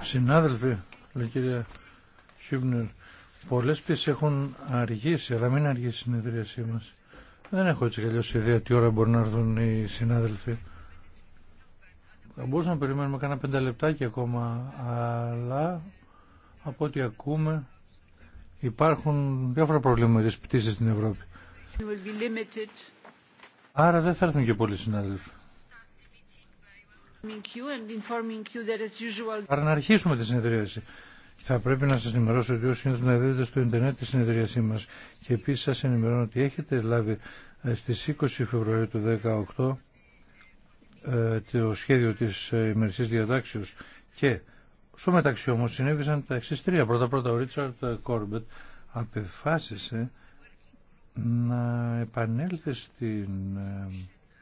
Συνάδελφοι, λέει κυρία Χιούμπνερ, πολλέ πίσει έχουν αργήσει, αλλά μην αργήσει η συνεδρίασή μα. Δεν έχω έτσι καλώ ιδέα τι ώρα μπορεί να έρθουν οι συνάδελφοι. Θα μπορούσαμε να περιμένουμε κανένα πέντε λεπτάκια ακόμα, αλλά από ό,τι ακούμε Υπάρχουν διάφορα προβλήματα με τις πτήσεις στην Ευρώπη. Άρα δεν θα έρθουν και πολλοί συνάδελφοι. Άρα να αρχίσουμε τη συνεδρίαση. Θα πρέπει να σας ενημερώσω ότι όσοι να δείτε στο ίντερνετ τη συνεδρίασή μας και επίσης σας ενημερώνω ότι έχετε λάβει ε, στις 20 Φεβρουαρίου του 2018 ε, το σχέδιο της ε, ημερησής διατάξεως και στο μεταξύ όμω συνέβησαν τα εξή τρία. Πρώτα πρώτα ο Ρίτσαρτ Κόρμπετ απεφάσισε να επανέλθει στην ε,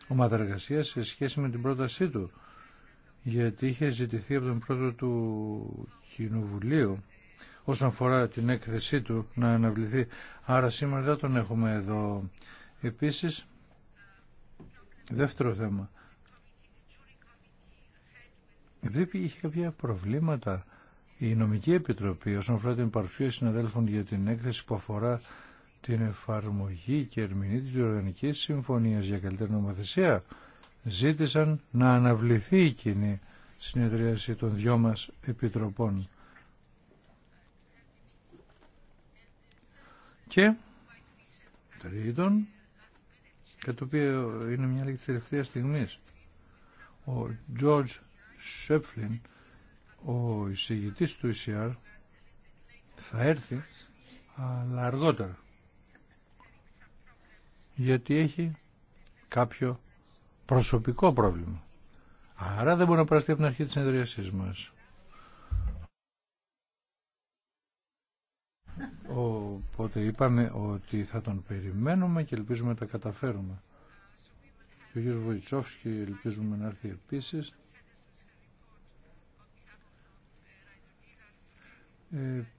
ομάδα εργασία σε σχέση με την πρότασή του γιατί είχε ζητηθεί από τον πρώτο του Κοινοβουλίου όσον αφορά την έκθεσή του να αναβληθεί. Άρα σήμερα δεν τον έχουμε εδώ. Επίσης, δεύτερο θέμα, επειδή είχε κάποια προβλήματα η νομική επιτροπή όσον αφορά την παρουσία συναδέλφων για την έκθεση που αφορά την εφαρμογή και ερμηνεία της Διοργανικής Συμφωνίας για καλύτερη νομοθεσία ζήτησαν να αναβληθεί η κοινή συνεδρίαση των δυο μας επιτροπών. Και τρίτον, κατά το οποίο είναι μια λέξη τελευταία στιγμή. Ο George Σέπφλιν, ο εισηγητής του ECR, θα έρθει, αλλά αργότερα. Γιατί έχει κάποιο προσωπικό πρόβλημα. Άρα δεν μπορεί να περαστεί από την αρχή της συνεδριασής μας. Οπότε είπαμε ότι θα τον περιμένουμε και ελπίζουμε να τα καταφέρουμε. Και ο κ. Βοητσόφσκι ελπίζουμε να έρθει επίσης.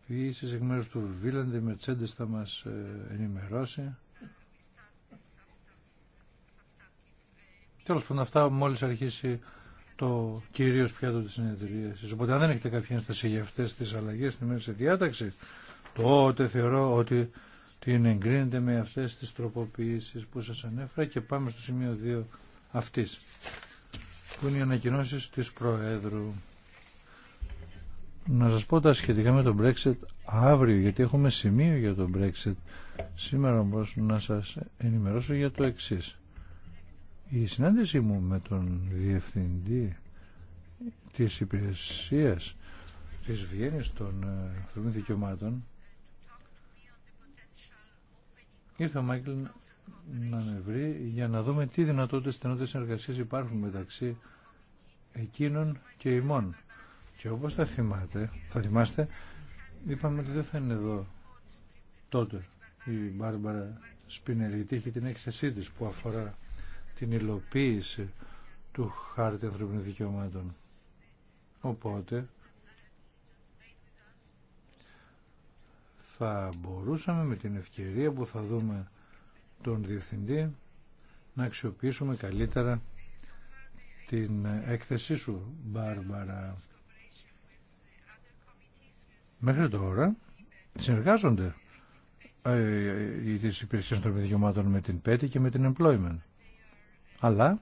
Επίσης εκ μέρους του Βίλανδη η Mercedes θα μας ε, ενημερώσει. Τέλος πάντων αυτά μόλις αρχίσει το κυρίως πιάτο της συνεδρίασης. Οπότε αν δεν έχετε κάποια ένσταση για αυτές τις αλλαγές στη μέση διάταξη, τότε θεωρώ ότι την εγκρίνετε με αυτές τις τροποποιήσεις που σας ανέφερα και πάμε στο σημείο 2 αυτής, που είναι οι ανακοινώσεις της Προέδρου να σας πω τα σχετικά με το Brexit αύριο, γιατί έχουμε σημείο για το Brexit. Σήμερα όμως να σας ενημερώσω για το εξής. Η συνάντησή μου με τον Διευθυντή της Υπηρεσίας της Βιέννης των ε, Ανθρωπίνων Δικαιωμάτων ήρθε ο Μάικλ να με βρει για να δούμε τι δυνατότητες στενότητες συνεργασίας υπάρχουν μεταξύ εκείνων και ημών. Και όπως θα θυμάτε, θα θυμάστε, είπαμε ότι δεν θα είναι εδώ τότε η Μπάρμπαρα Σπινεριτή γιατί την έκθεσή της που αφορά την υλοποίηση του χάρτη ανθρωπινών δικαιωμάτων. Οπότε θα μπορούσαμε με την ευκαιρία που θα δούμε τον Διευθυντή να αξιοποιήσουμε καλύτερα την έκθεσή σου, Μπάρμπαρα. Μέχρι τώρα συνεργάζονται ε, οι υπηρεσίε υπηρεσίες των δικαιωμάτων με την ΠΕΤΗ και με την employment. Αλλά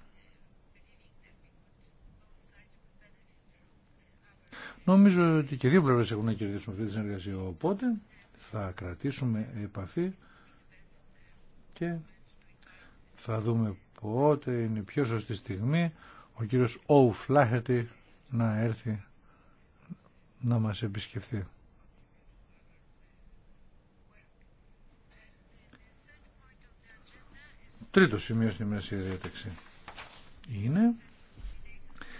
νομίζω ότι και δύο πλευρές έχουν να κερδίσουν αυτή τη συνεργασία. Οπότε θα κρατήσουμε επαφή και θα δούμε πότε είναι η πιο σωστή στιγμή ο κύριος Ο. να έρθει να μας επισκεφθεί. Τρίτο σημείο στην ημερήσια διάταξη είναι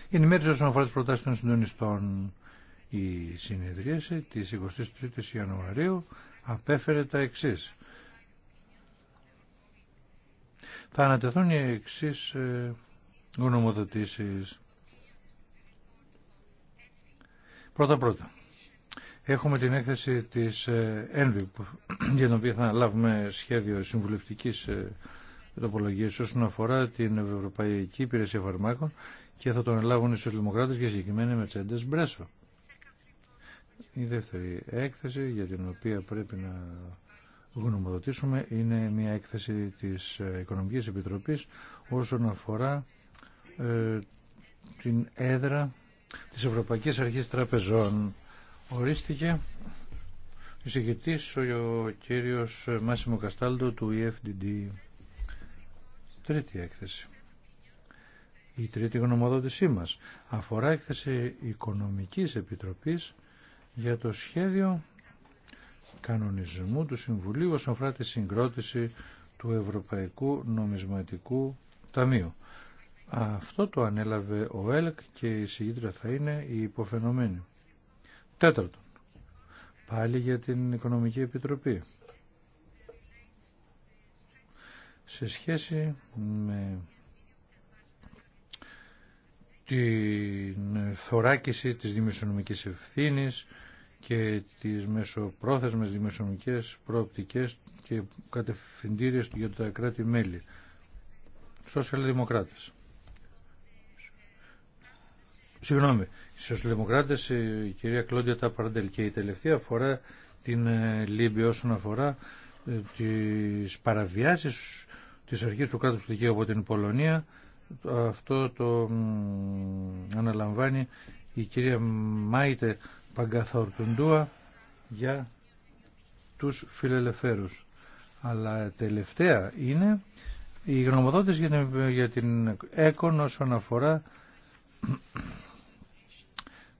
η ενημέρωση όσον αφορά τι προτάσει των συντονιστών. Η συνεδρίαση τη 23η Ιανουαρίου απέφερε τα εξή. Θα ανατεθούν οι εξή ε, γνωμοδοτήσει. Πρώτα-πρώτα. Έχουμε την έκθεση της ΕΝΒΙ για την οποία θα λάβουμε σχέδιο συμβουλευτικής ε, όσον αφορά την Ευρωπαϊκή Υπηρεσία Φαρμάκων και θα τον ελάβουν οι σοσιαλδημοκράτες και συγκεκριμένα με Μπρέσο. Η δεύτερη έκθεση για την οποία πρέπει να γνωμοδοτήσουμε είναι μια έκθεση της Οικονομικής Επιτροπής όσον αφορά ε, την έδρα της Ευρωπαϊκής Αρχής Τραπεζών. Ορίστηκε εισηγητής ο κύριος Μάσιμο Καστάλτο του EFDD. Τρίτη έκθεση. Η τρίτη γνωμοδότησή μας αφορά έκθεση Οικονομικής Επιτροπής για το σχέδιο κανονισμού του Συμβουλίου όσον αφορά τη συγκρότηση του Ευρωπαϊκού Νομισματικού Ταμείου. Αυτό το ανέλαβε ο ΕΛΚ και η συγκίτρια θα είναι η υποφαινομένη. Τέταρτον, πάλι για την Οικονομική Επιτροπή. σε σχέση με την θωράκιση της δημοσιονομικής ευθύνης και τις μεσοπρόθεσμες δημοσιονομικές προοπτικές και κατευθυντήριες για τα κράτη-μέλη. Σοσιαλδημοκράτες. Συγγνώμη, οι σοσιαλδημοκράτες η κυρία Κλόντια Ταπαραντελ. και η τελευταία φορά την ε, Λίμπη όσον αφορά ε, τις παραβιάσεις Τη αρχή του κράτου του δικαίου από την Πολωνία. Αυτό το αναλαμβάνει η κυρία Μάιτε Παγκαθαουρτουντούα για τους φιλελευθέρους. Αλλά τελευταία είναι οι γνωμοδότες για την ΕΚΟΝ όσον αφορά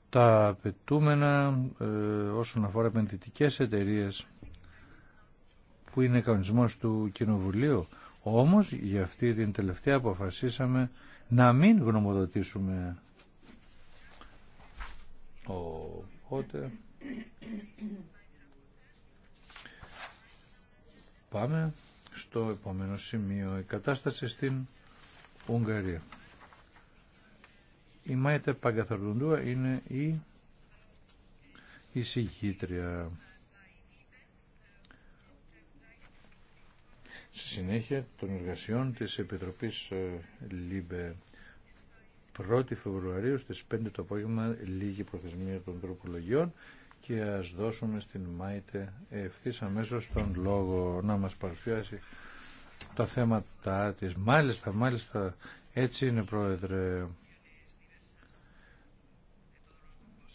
τα απαιτούμενα ε, όσον αφορά επενδυτικές εταιρείε, που είναι κανονισμός του Κοινοβουλίου όμως για αυτή την τελευταία αποφασίσαμε να μην γνωμοδοτήσουμε. Οπότε πάμε στο επόμενο σημείο. Η κατάσταση στην Ουγγαρία. Η Μάιτε Παγκαθαρδουντούα είναι η εισηγήτρια. στη συνέχεια των εργασιών της Επιτροπής ε, ΛΥΜΠΕ 1η Φεβρουαρίου στις 5 το απόγευμα λίγη προθεσμία των τροπολογιών και ας δώσουμε στην Μάιτε ευθύ αμέσως τον λόγο να μας παρουσιάσει τα θέματα της. Μάλιστα, μάλιστα, έτσι είναι πρόεδρε.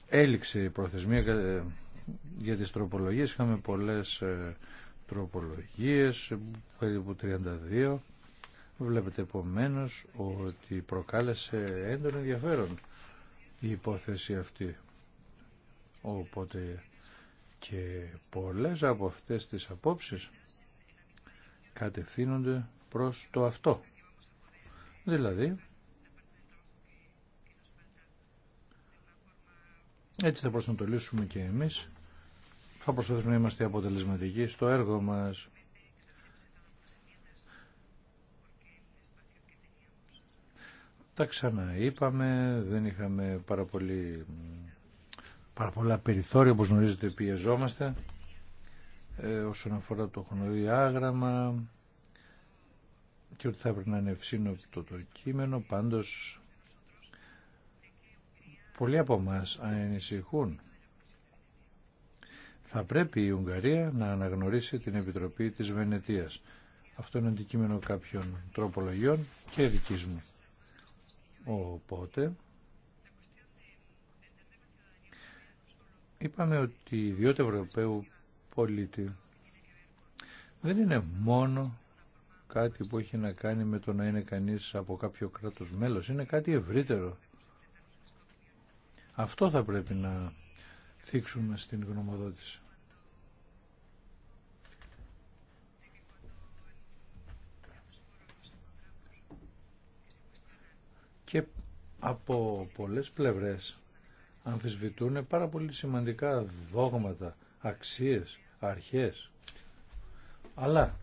Έληξε η προθεσμία ε, για τις τροπολογίες, είχαμε πολλές ε, τροπολογίες, περίπου 32. Βλέπετε επομένω ότι προκάλεσε έντονο ενδιαφέρον η υπόθεση αυτή. Οπότε και πολλές από αυτές τις απόψεις κατευθύνονται προς το αυτό. Δηλαδή, έτσι θα προσανατολίσουμε και εμείς θα προσπαθήσουμε να είμαστε αποτελεσματικοί στο έργο μας. Τα ξαναείπαμε, δεν είχαμε πάρα, πολύ, πολλά περιθώρια, όπως γνωρίζετε πιεζόμαστε. Ε, όσον αφορά το χρονοδιάγραμμα και ότι θα έπρεπε να είναι ευσύνοπτο το κείμενο, πάντως πολλοί από εμά ανησυχούν θα πρέπει η Ουγγαρία να αναγνωρίσει την Επιτροπή της Βενετίας. Αυτό είναι αντικείμενο κάποιων τροπολογιών και δική μου. Οπότε, είπαμε ότι η ιδιότητα Ευρωπαίου πολίτη δεν είναι μόνο κάτι που έχει να κάνει με το να είναι κανείς από κάποιο κράτος μέλος. Είναι κάτι ευρύτερο. Αυτό θα πρέπει να θίξουμε στην γνωμοδότηση. Και από πολλές πλευρές αμφισβητούν πάρα πολύ σημαντικά δόγματα, αξίες, αρχές. Αλλά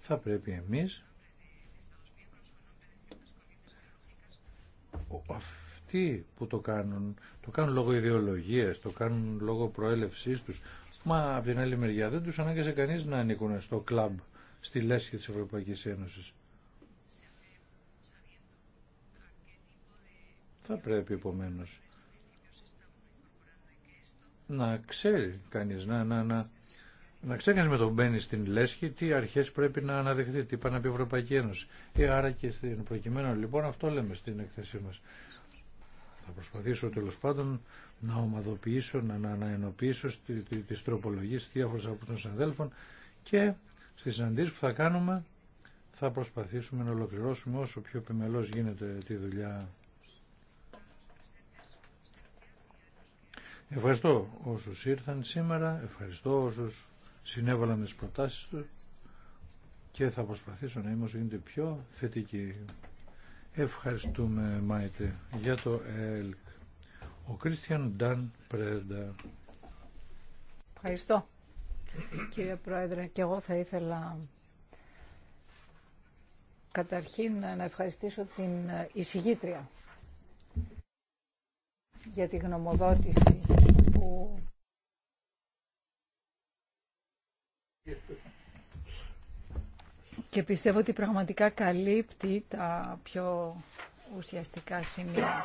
θα πρέπει εμείς αυτοί που το κάνουν, το κάνουν λόγω ιδεολογίας, το κάνουν λόγω προέλευσής τους. Μα από την άλλη μεριά δεν του ανάγκασε κανεί να ανήκουν στο κλαμπ, στη λέσχη της Ευρωπαϊκής Ένωσης. Θα πρέπει επομένως να ξέρει κανεί να, να, να, να ξέρει κανείς με τον μπαίνει στην λέσχη τι αρχές πρέπει να αναδεχθεί, τι είπα να η Ευρωπαϊκή Ένωση. Ε, άρα και στην προκειμένου λοιπόν αυτό λέμε στην εκθέσή μας. Θα προσπαθήσω τέλο πάντων να ομαδοποιήσω, να, να, τι τροπολογίε τις τροπολογίες από των αδέλφων και στις συναντήσει που θα κάνουμε θα προσπαθήσουμε να ολοκληρώσουμε όσο πιο επιμελώς γίνεται τη δουλειά. Ευχαριστώ όσους ήρθαν σήμερα, ευχαριστώ όσους συνέβαλαν τις προτάσεις τους και θα προσπαθήσω να είμαι όσο γίνεται πιο θετική. Ευχαριστούμε Μάιτε για το ΕΛΚ. Ο Κρίστιαν Νταν Πρέντα. Ευχαριστώ κύριε Πρόεδρε και εγώ θα ήθελα καταρχήν να ευχαριστήσω την εισηγήτρια για τη γνωμοδότηση που και πιστεύω ότι πραγματικά καλύπτει τα πιο ουσιαστικά σημεία.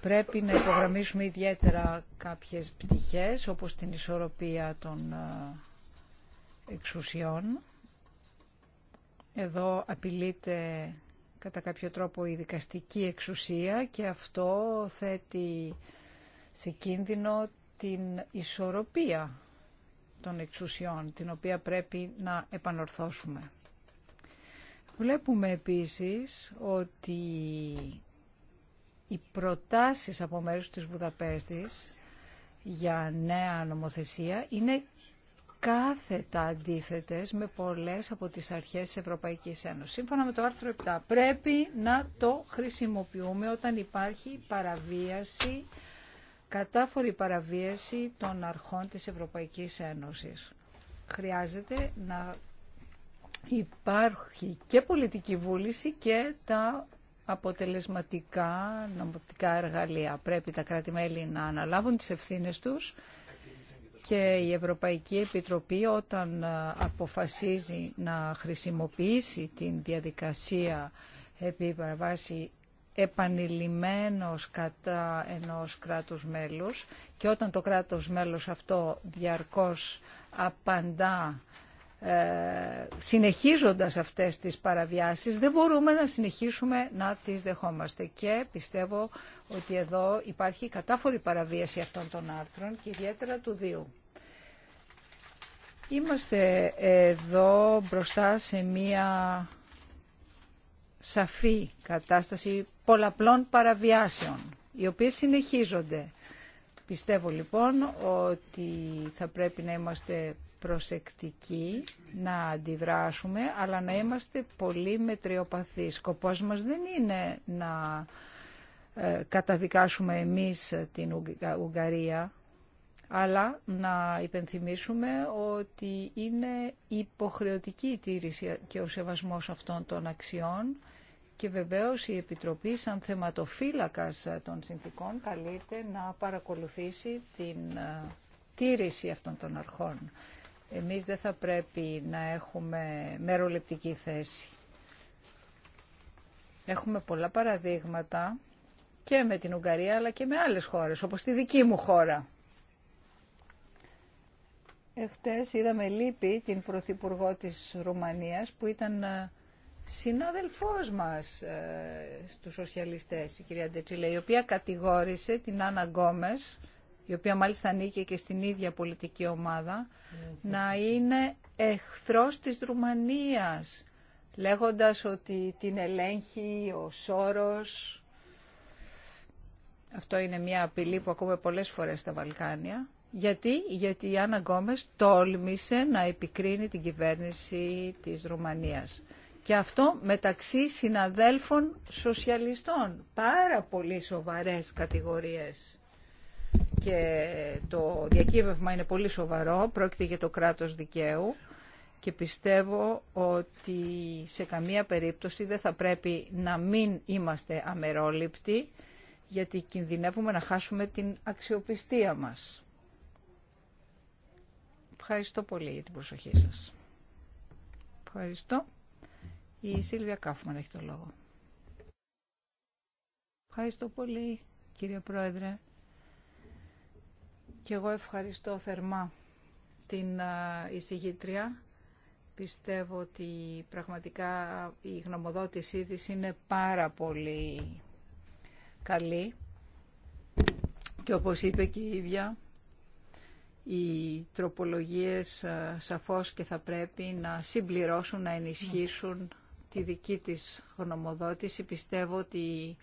Πρέπει να υπογραμμίσουμε ιδιαίτερα κάποιες πτυχές, όπως την ισορροπία των ε, εξουσιών. Εδώ απειλείται κατά κάποιο τρόπο η δικαστική εξουσία και αυτό θέτει σε κίνδυνο την ισορροπία των εξουσιών, την οποία πρέπει να επανορθώσουμε. Βλέπουμε επίσης ότι οι προτάσεις από μέρους της Βουδαπέστης για νέα νομοθεσία είναι κάθετα αντίθετες με πολλές από τις αρχές της Ευρωπαϊκής Ένωσης. Σύμφωνα με το άρθρο 7 πρέπει να το χρησιμοποιούμε όταν υπάρχει παραβίαση, κατάφορη παραβίαση των αρχών της Ευρωπαϊκής Ένωσης. Χρειάζεται να υπάρχει και πολιτική βούληση και τα αποτελεσματικά νομοτικά εργαλεία. Πρέπει τα κράτη-μέλη να αναλάβουν τις ευθύνες τους και η Ευρωπαϊκή Επιτροπή όταν ε, αποφασίζει να χρησιμοποιήσει την διαδικασία επί παραβάση επανειλημμένος κατά ενός κράτους μέλους και όταν το κράτος μέλος αυτό διαρκώς απαντά ε, συνεχίζοντας αυτές τις παραβιάσεις δεν μπορούμε να συνεχίσουμε να τις δεχόμαστε και πιστεύω ότι εδώ υπάρχει κατάφορη παραβίαση αυτών των άρθρων και ιδιαίτερα του Δίου. Είμαστε εδώ μπροστά σε μία σαφή κατάσταση πολλαπλών παραβιάσεων οι οποίες συνεχίζονται. Πιστεύω λοιπόν ότι θα πρέπει να είμαστε προσεκτικοί να αντιδράσουμε, αλλά να είμαστε πολύ μετριοπαθείς. Σκοπός μας δεν είναι να ε, καταδικάσουμε εμείς την ε, Ουγγαρία, αλλά να υπενθυμίσουμε ότι είναι υποχρεωτική η τήρηση και ο σεβασμός αυτών των αξιών και βεβαίως η Επιτροπή σαν θεματοφύλακας των συνθήκων καλείται να παρακολουθήσει την ε, τήρηση αυτών των αρχών. Εμείς δεν θα πρέπει να έχουμε μεροληπτική θέση. Έχουμε πολλά παραδείγματα και με την Ουγγαρία αλλά και με άλλες χώρες, όπως τη δική μου χώρα. Εχθές είδαμε λύπη την Πρωθυπουργό της Ρουμανίας που ήταν ε, συνάδελφός μας ε, στους σοσιαλιστές, η κυρία Ντετσιλέ, η οποία κατηγόρησε την Άννα Γκόμες η οποία μάλιστα ανήκει και στην ίδια πολιτική ομάδα, ναι. να είναι εχθρός της Ρουμανίας, λέγοντας ότι την ελέγχει ο Σόρος. Αυτό είναι μια απειλή που ακούμε πολλές φορές στα Βαλκάνια. Γιατί, γιατί η Άννα Γκόμες τόλμησε να επικρίνει την κυβέρνηση της Ρουμανίας. Και αυτό μεταξύ συναδέλφων σοσιαλιστών. Πάρα πολύ σοβαρές κατηγορίες και το διακύβευμα είναι πολύ σοβαρό, πρόκειται για το κράτος δικαίου και πιστεύω ότι σε καμία περίπτωση δεν θα πρέπει να μην είμαστε αμερόληπτοι γιατί κινδυνεύουμε να χάσουμε την αξιοπιστία μας. Ευχαριστώ πολύ για την προσοχή σας. Ευχαριστώ. Η Σίλβια Κάφμαν έχει το λόγο. Ευχαριστώ πολύ, κύριε Πρόεδρε. Και εγώ ευχαριστώ θερμά την εισηγήτρια. Πιστεύω ότι πραγματικά η γνωμοδότησή της είναι πάρα πολύ καλή. Και όπως είπε και η ίδια, οι τροπολογίες σαφώς και θα πρέπει να συμπληρώσουν, να ενισχύσουν τη δική της γνωμοδότηση. Πιστεύω ότι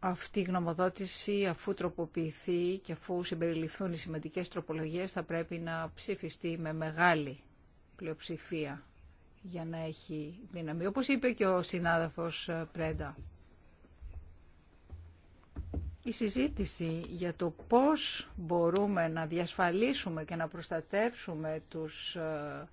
αυτή η γνωμοδότηση αφού τροποποιηθεί και αφού συμπεριληφθούν οι σημαντικές τροπολογίες θα πρέπει να ψηφιστεί με μεγάλη πλειοψηφία για να έχει δύναμη. Όπως είπε και ο συνάδελφος ε, Πρέντα. Η συζήτηση για το πώς μπορούμε να διασφαλίσουμε και να προστατεύσουμε τους ε,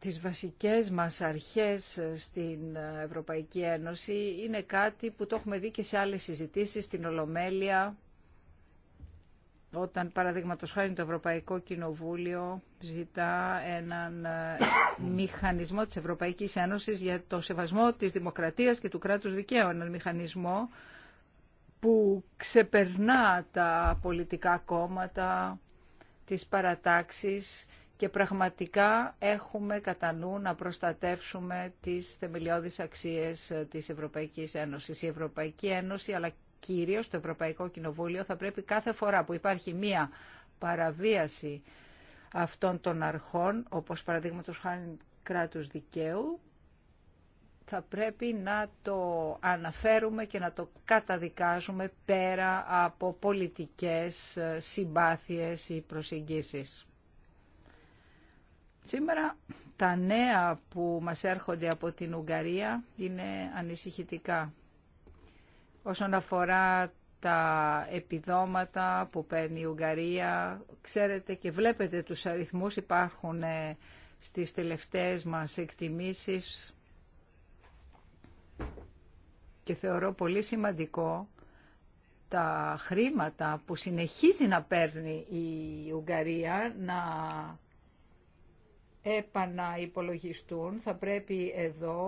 τις βασικές μας αρχές στην Ευρωπαϊκή Ένωση είναι κάτι που το έχουμε δει και σε άλλες συζητήσεις, στην Ολομέλεια, όταν παραδείγματο χάρη το Ευρωπαϊκό Κοινοβούλιο ζητά έναν ε, μηχανισμό της Ευρωπαϊκής Ένωσης για το σεβασμό της δημοκρατίας και του κράτους δικαίου, έναν μηχανισμό που ξεπερνά τα πολιτικά κόμματα, τις παρατάξεις και πραγματικά έχουμε κατά νου να προστατεύσουμε τις θεμελιώδεις αξίες της Ευρωπαϊκής Ένωσης. Η Ευρωπαϊκή Ένωση αλλά κυρίως το Ευρωπαϊκό Κοινοβούλιο θα πρέπει κάθε φορά που υπάρχει μία παραβίαση αυτών των αρχών, όπως παραδείγματος χάρη κράτους δικαίου, θα πρέπει να το αναφέρουμε και να το καταδικάζουμε πέρα από πολιτικές συμπάθειες ή προσεγγίσεις. Σήμερα τα νέα που μας έρχονται από την Ουγγαρία είναι ανησυχητικά. Όσον αφορά τα επιδόματα που παίρνει η Ουγγαρία, ξέρετε και βλέπετε τους αριθμούς υπάρχουν ε, στις τελευταίες μας εκτιμήσεις και θεωρώ πολύ σημαντικό τα χρήματα που συνεχίζει να παίρνει η Ουγγαρία να επαναυπολογιστούν. Θα πρέπει εδώ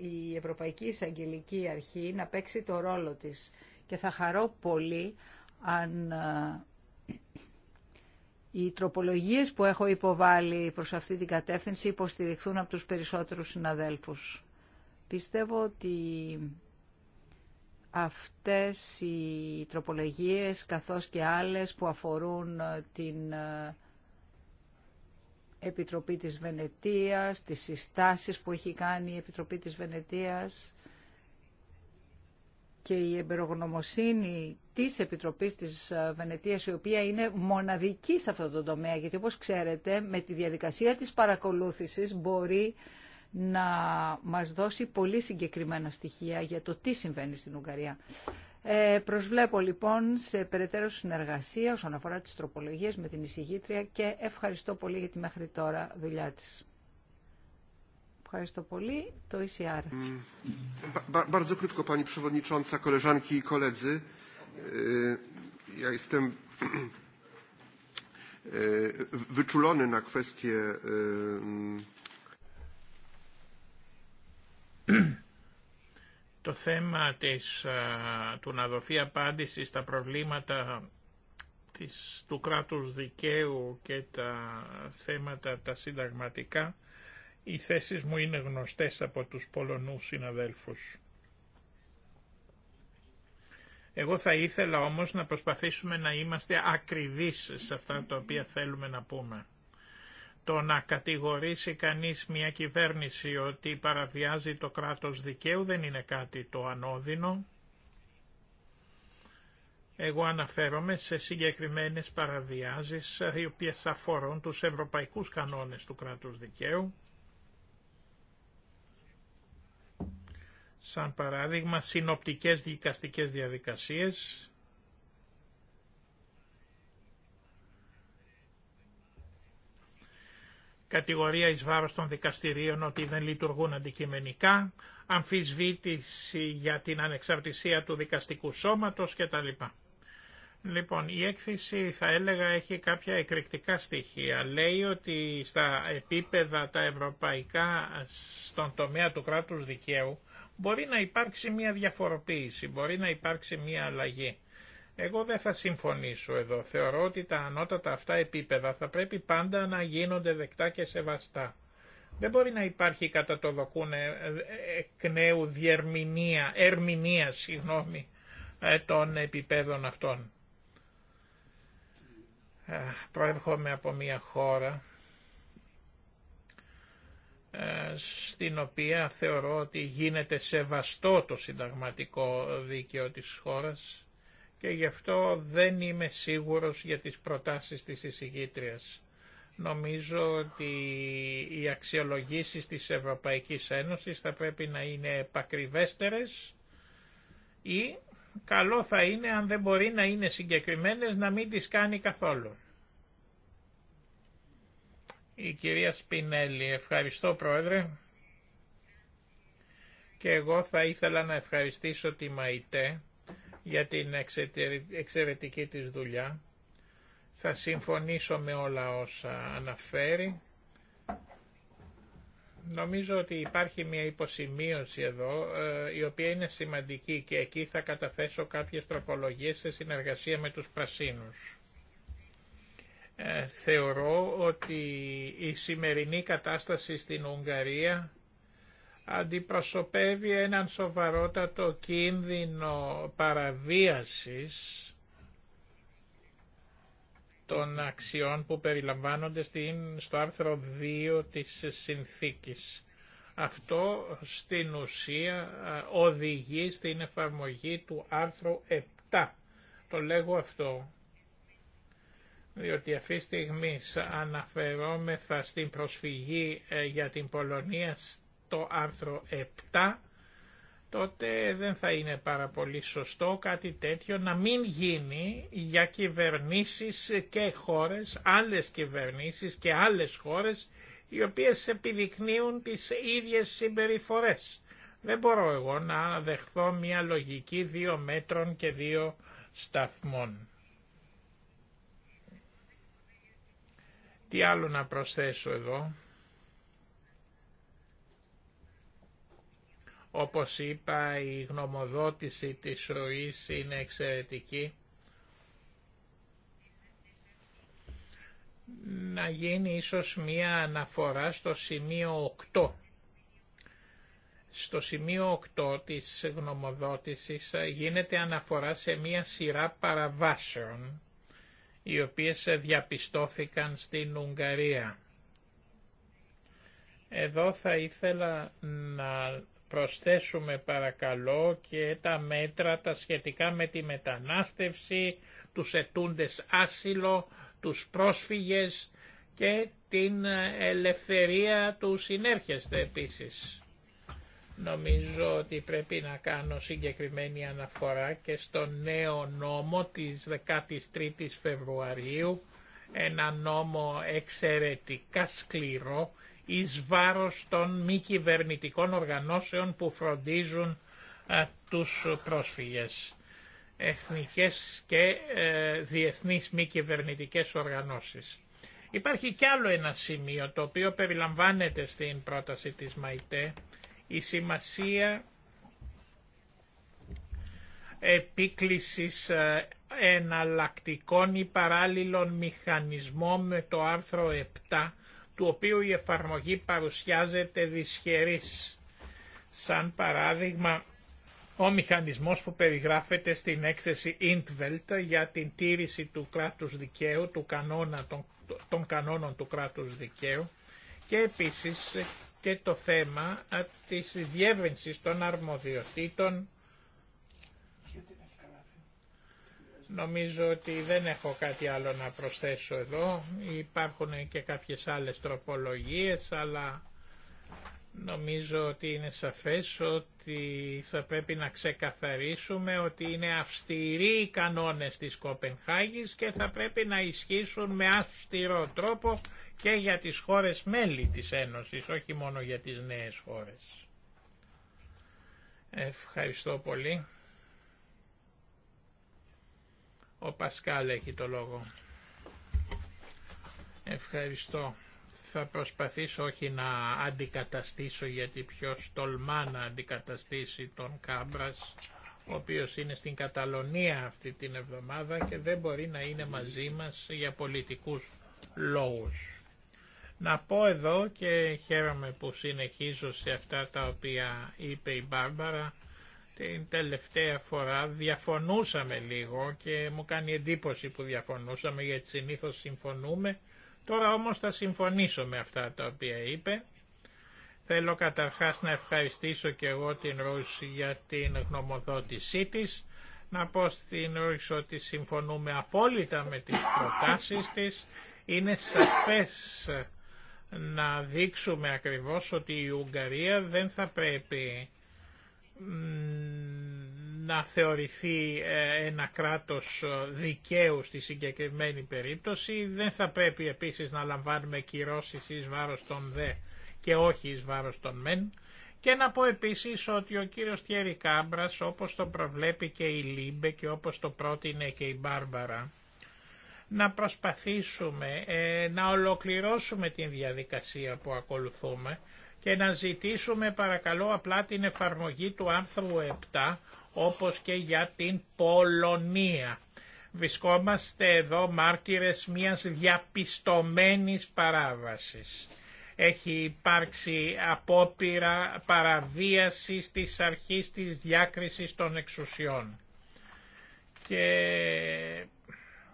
η Ευρωπαϊκή Εισαγγελική Αρχή να παίξει το ρόλο της. Και θα χαρώ πολύ αν ε, οι τροπολογίες που έχω υποβάλει προς αυτή την κατεύθυνση υποστηριχθούν από τους περισσότερους συναδέλφους. Πιστεύω ότι αυτές οι τροπολογίες καθώς και άλλες που αφορούν ε, την ε, Επιτροπή της Βενετίας, τις συστάσεις που έχει κάνει η Επιτροπή της Βενετίας και η εμπερογνωμοσύνη της Επιτροπής της Βενετίας η οποία είναι μοναδική σε αυτό το τομέα γιατί όπως ξέρετε με τη διαδικασία της παρακολούθησης μπορεί να μας δώσει πολύ συγκεκριμένα στοιχεία για το τι συμβαίνει στην Ουγγαρία. Ε, προσβλέπω λοιπόν σε περαιτέρω συνεργασία όσον αφορά τις τροπολογίες με την εισηγήτρια και ευχαριστώ πολύ για τη μέχρι τώρα δουλειά της. Ευχαριστώ πολύ. Το ECR. Mm. Bardzo krótko, Pani Przewodnicząca, koleżanki i koledzy. E, ja jestem e, wyczulony na kwestie e, το θέμα της, του να δοθεί απάντηση στα προβλήματα της, του κράτους δικαίου και τα θέματα τα συνταγματικά, οι θέσεις μου είναι γνωστές από τους Πολωνούς συναδέλφους. Εγώ θα ήθελα όμως να προσπαθήσουμε να είμαστε ακριβείς σε αυτά τα οποία θέλουμε να πούμε το να κατηγορήσει κανείς μια κυβέρνηση ότι παραβιάζει το κράτος δικαίου δεν είναι κάτι το ανώδυνο. Εγώ αναφέρομαι σε συγκεκριμένες παραβιάσεις οι οποίες αφορούν τους ευρωπαϊκούς κανόνες του κράτους δικαίου. Σαν παράδειγμα συνοπτικές δικαστικές διαδικασίες, κατηγορία εις βάρος των δικαστηρίων ότι δεν λειτουργούν αντικειμενικά, αμφισβήτηση για την ανεξαρτησία του δικαστικού σώματος κτλ. Λοιπόν, η έκθεση θα έλεγα έχει κάποια εκρηκτικά στοιχεία. Λέει ότι στα επίπεδα τα ευρωπαϊκά στον τομέα του κράτους δικαίου μπορεί να υπάρξει μια διαφοροποίηση, μπορεί να υπάρξει μια αλλαγή. Εγώ δεν θα συμφωνήσω εδώ. Θεωρώ ότι τα ανώτατα αυτά επίπεδα θα πρέπει πάντα να γίνονται δεκτά και σεβαστά. Δεν μπορεί να υπάρχει κατά το δοκούν εκ νέου διερμηνία, ερμηνεία συγγνώμη, ε, των επιπέδων αυτών. Ε, προέρχομαι από μια χώρα ε, στην οποία θεωρώ ότι γίνεται σεβαστό το συνταγματικό δίκαιο της χώρας και γι' αυτό δεν είμαι σίγουρος για τις προτάσεις της εισηγήτριας. Νομίζω ότι οι αξιολογήσεις της Ευρωπαϊκής Ένωσης θα πρέπει να είναι επακριβέστερες ή καλό θα είναι αν δεν μπορεί να είναι συγκεκριμένες να μην τις κάνει καθόλου. Η κυρία Σπινέλη, ευχαριστώ Πρόεδρε. Και εγώ θα ήθελα να ευχαριστήσω τη Μαϊτέ για την εξαιρετική της δουλειά. Θα συμφωνήσω με όλα όσα αναφέρει. Νομίζω ότι υπάρχει μια υποσημείωση εδώ, ε, η οποία είναι σημαντική και εκεί θα καταθέσω κάποιες τροπολογίες σε συνεργασία με τους πρασίνους. Ε, θεωρώ ότι η σημερινή κατάσταση στην Ουγγαρία αντιπροσωπεύει έναν σοβαρότατο κίνδυνο παραβίασης των αξιών που περιλαμβάνονται στο άρθρο 2 της συνθήκης. Αυτό στην ουσία οδηγεί στην εφαρμογή του άρθρου 7. Το λέγω αυτό διότι αυτή τη στιγμή αναφερόμεθα στην προσφυγή ε, για την Πολωνία το άρθρο 7, τότε δεν θα είναι πάρα πολύ σωστό κάτι τέτοιο να μην γίνει για κυβερνήσεις και χώρες, άλλες κυβερνήσεις και άλλες χώρες, οι οποίες επιδεικνύουν τις ίδιες συμπεριφορές. Δεν μπορώ εγώ να δεχθώ μια λογική δύο μέτρων και δύο σταθμών. Τι άλλο να προσθέσω εδώ. Όπως είπα η γνωμοδότηση της Ροής είναι εξαιρετική. Να γίνει ίσως μία αναφορά στο σημείο 8. Στο σημείο 8 της γνωμοδότησης γίνεται αναφορά σε μία σειρά παραβάσεων οι οποίες διαπιστώθηκαν στην Ουγγαρία. Εδώ θα ήθελα να προσθέσουμε παρακαλώ και τα μέτρα τα σχετικά με τη μετανάστευση, τους ετούντες άσυλο, τους πρόσφυγες και την ελευθερία του συνέρχεστε επίσης. Νομίζω ότι πρέπει να κάνω συγκεκριμένη αναφορά και στο νέο νόμο της 13ης Φεβρουαρίου, ένα νόμο εξαιρετικά σκληρό εις βάρος των μη κυβερνητικών οργανώσεων που φροντίζουν ε, τους πρόσφυγες. Εθνικές και ε, διεθνείς μη κυβερνητικέ οργανώσεις. Υπάρχει κι άλλο ένα σημείο το οποίο περιλαμβάνεται στην πρόταση της ΜΑΙΤΕ, η σημασία επίκλησης ε, εναλλακτικών ή παράλληλων μηχανισμών με το άρθρο 7 του οποίου η εφαρμογή παρουσιάζεται δυσχερής. Σαν παράδειγμα, ο μηχανισμός που περιγράφεται στην έκθεση Intvelt για την τήρηση του κράτους δικαίου, του κανόνα, των, των κανόνων του κράτους δικαίου και επίσης και το θέμα της διεύρυνσης των αρμοδιοτήτων Νομίζω ότι δεν έχω κάτι άλλο να προσθέσω εδώ. Υπάρχουν και κάποιες άλλες τροπολογίες, αλλά νομίζω ότι είναι σαφές ότι θα πρέπει να ξεκαθαρίσουμε ότι είναι αυστηροί οι κανόνες της Κοπενχάγης και θα πρέπει να ισχύσουν με αυστηρό τρόπο και για τις χώρες μέλη της Ένωσης, όχι μόνο για τις νέες χώρες. Ευχαριστώ πολύ. Ο Πασκάλ έχει το λόγο. Ευχαριστώ. Θα προσπαθήσω όχι να αντικαταστήσω γιατί ποιο τολμά να αντικαταστήσει τον Κάμπρας ο οποίος είναι στην Καταλωνία αυτή την εβδομάδα και δεν μπορεί να είναι μαζί μας για πολιτικούς λόγους. Να πω εδώ και χαίρομαι που συνεχίζω σε αυτά τα οποία είπε η Μπάρμπαρα την τελευταία φορά διαφωνούσαμε λίγο και μου κάνει εντύπωση που διαφωνούσαμε γιατί συνήθως συμφωνούμε. Τώρα όμως θα συμφωνήσω με αυτά τα οποία είπε. Θέλω καταρχάς να ευχαριστήσω και εγώ την Ρούς για την γνωμοδότησή της. Να πω στην Ρούς ότι συμφωνούμε απόλυτα με τις προτάσεις της. Είναι σαφές να δείξουμε ακριβώς ότι η Ουγγαρία δεν θα πρέπει να θεωρηθεί ε, ένα κράτος ε, δικαίου στη συγκεκριμένη περίπτωση. Δεν θα πρέπει επίσης να λαμβάνουμε κυρώσεις εις βάρος των δε και όχι εις βάρος των μεν. Και να πω επίσης ότι ο κύριος Τιέρη Κάμπρας, όπως το προβλέπει και η Λίμπε και όπως το πρότεινε και η Μπάρμπαρα, να προσπαθήσουμε ε, να ολοκληρώσουμε την διαδικασία που ακολουθούμε και να ζητήσουμε παρακαλώ απλά την εφαρμογή του άρθρου 7 όπως και για την Πολωνία. Βρισκόμαστε εδώ μάρτυρες μιας διαπιστωμένης παράβασης. Έχει υπάρξει απόπειρα παραβίασης της αρχής της διάκρισης των εξουσιών. Και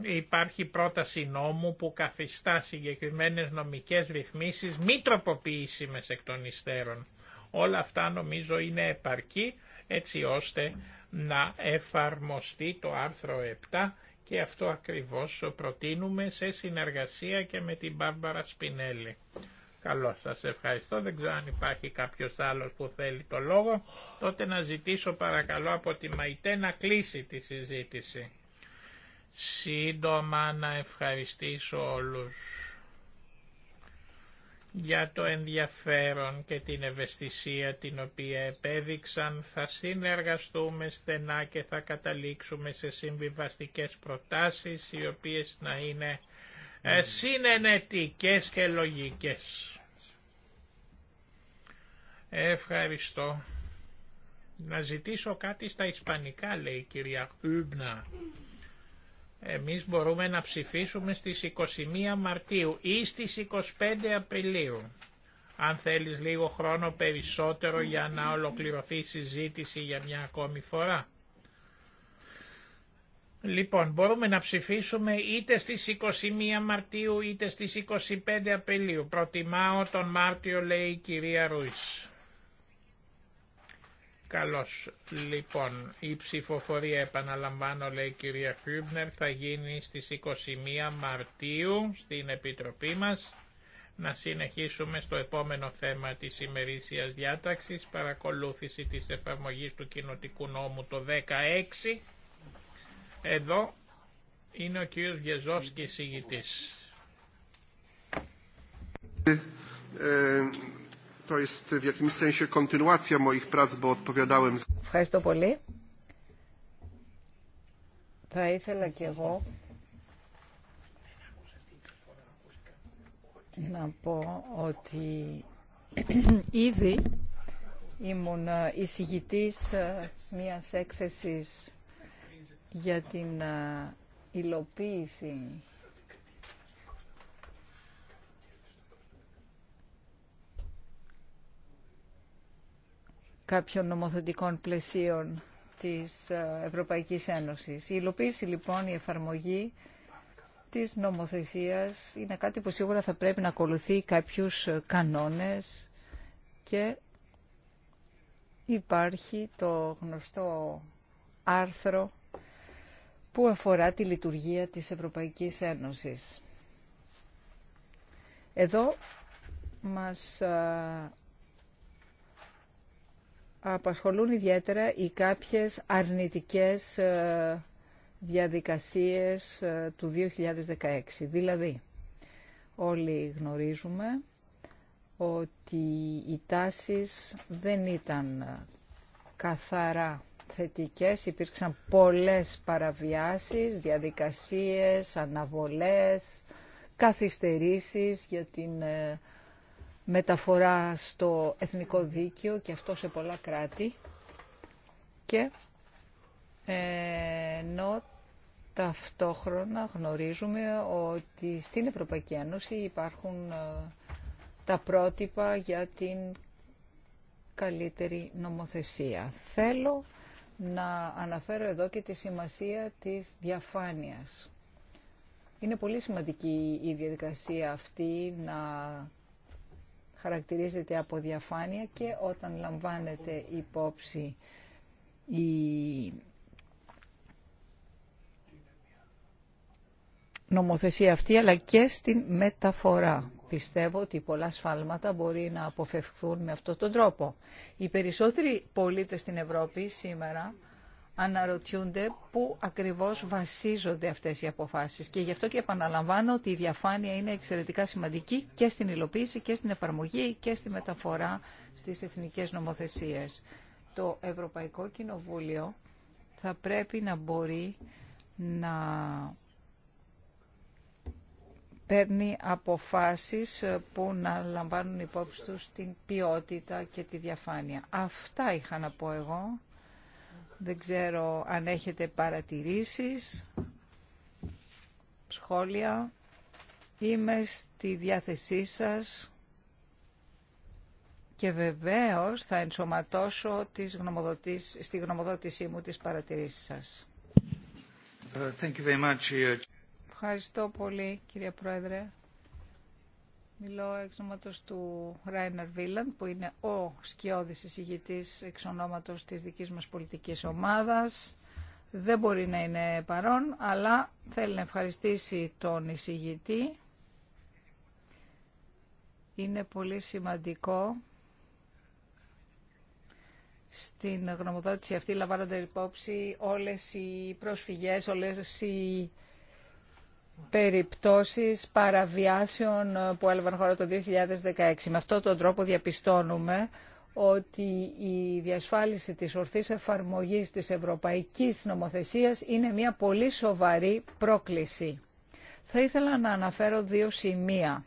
υπάρχει πρόταση νόμου που καθιστά συγκεκριμένες νομικές ρυθμίσεις μη τροποποιήσιμες εκ των υστέρων. Όλα αυτά νομίζω είναι επαρκή έτσι ώστε να εφαρμοστεί το άρθρο 7 και αυτό ακριβώς προτείνουμε σε συνεργασία και με την Μπάρμπαρα Σπινέλη. Καλώ σας ευχαριστώ. Δεν ξέρω αν υπάρχει κάποιος άλλος που θέλει το λόγο. Τότε να ζητήσω παρακαλώ από τη Μαϊτέ να κλείσει τη συζήτηση σύντομα να ευχαριστήσω όλους για το ενδιαφέρον και την ευαισθησία την οποία επέδειξαν. Θα συνεργαστούμε στενά και θα καταλήξουμε σε συμβιβαστικές προτάσεις οι οποίες να είναι ε, συνενετικές και λογικές. Ευχαριστώ. Να ζητήσω κάτι στα ισπανικά, λέει η κυρία Ούμπνα. Εμείς μπορούμε να ψηφίσουμε στις 21 Μαρτίου ή στις 25 Απριλίου. Αν θέλεις λίγο χρόνο περισσότερο για να ολοκληρωθεί η συζήτηση για μια ακόμη φορά. Λοιπόν, μπορούμε να ψηφίσουμε είτε στις 21 Μαρτίου είτε στις 25 Απριλίου. Προτιμάω τον Μάρτιο, λέει η κυρία Ρούις. Καλώς. Λοιπόν, η ψηφοφορία, επαναλαμβάνω, λέει η κυρία Χρύμπνερ, θα γίνει στις 21 Μαρτίου στην Επιτροπή μας. Να συνεχίσουμε στο επόμενο θέμα της ημερήσιας διάταξης, παρακολούθηση της εφαρμογής του κοινοτικού νόμου το 16. Εδώ είναι ο κύριος Βιεζόσκης ηγητής. Ε, Ευχαριστώ πολύ. Θα ήθελα και εγώ να πω ότι ήδη ήμουν εισηγητής μιας έκθεσης για την ε, υλοποίηση κάποιων νομοθετικών πλαισίων της ε, Ευρωπαϊκής Ένωσης. Η υλοποίηση λοιπόν, η εφαρμογή της νομοθεσίας είναι κάτι που σίγουρα θα πρέπει να ακολουθεί κάποιους κανόνες και υπάρχει το γνωστό άρθρο που αφορά τη λειτουργία της Ευρωπαϊκής Ένωσης. Εδώ μας ε, απασχολούν ιδιαίτερα οι κάποιες αρνητικές ε, διαδικασίες ε, του 2016. Δηλαδή, όλοι γνωρίζουμε ότι οι τάσεις δεν ήταν καθαρά θετικές, υπήρξαν πολλές παραβιάσεις, διαδικασίες, αναβολές, καθυστερήσεις για την ε, μεταφορά στο εθνικό δίκαιο και αυτό σε πολλά κράτη και ε, ενώ ταυτόχρονα γνωρίζουμε ότι στην Ευρωπαϊκή Ένωση υπάρχουν ε, τα πρότυπα για την καλύτερη νομοθεσία. Θέλω να αναφέρω εδώ και τη σημασία της διαφάνειας. Είναι πολύ σημαντική η διαδικασία αυτή να χαρακτηρίζεται από διαφάνεια και όταν λαμβάνεται υπόψη η νομοθεσία αυτή αλλά και στην μεταφορά. Πιστεύω ότι πολλά σφάλματα μπορεί να αποφευχθούν με αυτόν τον τρόπο. Οι περισσότεροι πολίτες στην Ευρώπη σήμερα αναρωτιούνται πού ακριβώς βασίζονται αυτές οι αποφάσεις. Και γι' αυτό και επαναλαμβάνω ότι η διαφάνεια είναι εξαιρετικά σημαντική και στην υλοποίηση και στην εφαρμογή και στη μεταφορά στις εθνικές νομοθεσίες. Το Ευρωπαϊκό Κοινοβούλιο θα πρέπει να μπορεί να παίρνει αποφάσεις που να λαμβάνουν υπόψη τους την ποιότητα και τη διαφάνεια. Αυτά είχα να πω εγώ. Δεν ξέρω αν έχετε παρατηρήσεις, σχόλια. Είμαι στη διάθεσή σας και βεβαίως θα ενσωματώσω τις στη γνωμοδότησή μου τις παρατηρήσεις σας. Uh, uh, Ευχαριστώ πολύ κύριε Πρόεδρε. Μιλώ εξ ονόματος του Ράινερ Βίλαν, που είναι ο σκιώδης εισηγητής εξ ονόματος της δικής μας πολιτικής ομάδας. Δεν μπορεί να είναι παρόν, αλλά θέλει να ευχαριστήσει τον εισηγητή. Είναι πολύ σημαντικό στην γνωμοδότηση αυτή λαμβάνονται υπόψη όλες οι προσφυγές, όλες οι περιπτώσεις παραβιάσεων που έλαβαν χώρα το 2016. Με αυτόν τον τρόπο διαπιστώνουμε ότι η διασφάλιση της ορθής εφαρμογής της ευρωπαϊκής νομοθεσίας είναι μια πολύ σοβαρή πρόκληση. Θα ήθελα να αναφέρω δύο σημεία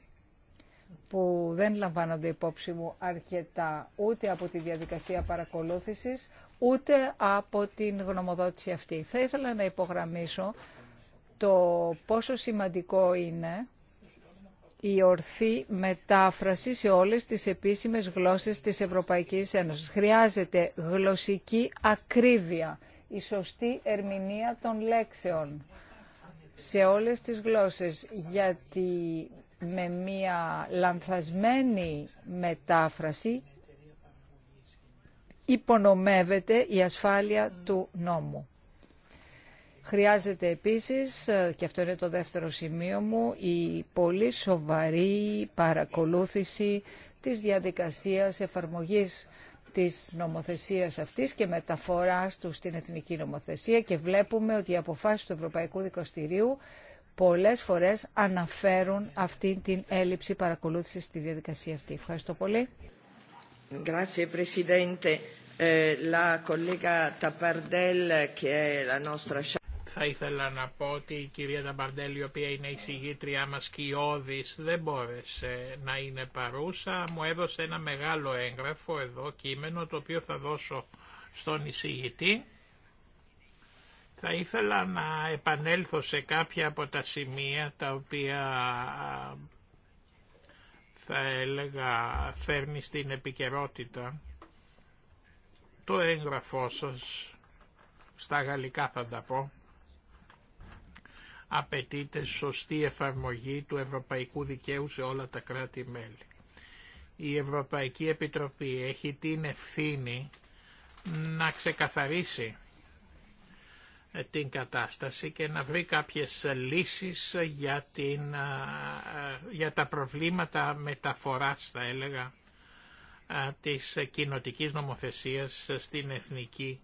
που δεν λαμβάνονται υπόψη μου αρκετά ούτε από τη διαδικασία παρακολούθησης, ούτε από την γνωμοδότηση αυτή. Θα ήθελα να υπογραμμίσω το πόσο σημαντικό είναι η ορθή μετάφραση σε όλες τις επίσημες γλώσσες της Ευρωπαϊκής Ένωσης. Χρειάζεται γλωσσική ακρίβεια, η σωστή ερμηνεία των λέξεων σε όλες τις γλώσσες, γιατί με μία λανθασμένη μετάφραση υπονομεύεται η ασφάλεια του νόμου. Χρειάζεται επίσης, ε, και αυτό είναι το δεύτερο σημείο μου, η πολύ σοβαρή παρακολούθηση της διαδικασίας εφαρμογής της νομοθεσίας αυτής και μεταφοράς του στην εθνική νομοθεσία και βλέπουμε ότι οι αποφάσεις του Ευρωπαϊκού Δικαστηρίου πολλές φορές αναφέρουν αυτή την έλλειψη παρακολούθησης στη διαδικασία αυτή. Ευχαριστώ πολύ θα ήθελα να πω ότι η κυρία Νταμπαρντέλη, η οποία είναι η συγγήτριά μας και η Όδης, δεν μπόρεσε να είναι παρούσα. Μου έδωσε ένα μεγάλο έγγραφο εδώ, κείμενο, το οποίο θα δώσω στον εισηγητή. Θα ήθελα να επανέλθω σε κάποια από τα σημεία τα οποία θα έλεγα φέρνει στην επικαιρότητα το έγγραφό σας, στα γαλλικά θα τα πω, απαιτείται σωστή εφαρμογή του ευρωπαϊκού δικαίου σε όλα τα κράτη-μέλη. Η Ευρωπαϊκή Επιτροπή έχει την ευθύνη να ξεκαθαρίσει ε, την κατάσταση και να βρει κάποιες λύσεις για, ε, ε, τα προβλήματα μεταφοράς, θα έλεγα, της κοινοτικής νομοθεσίας στην εθνική.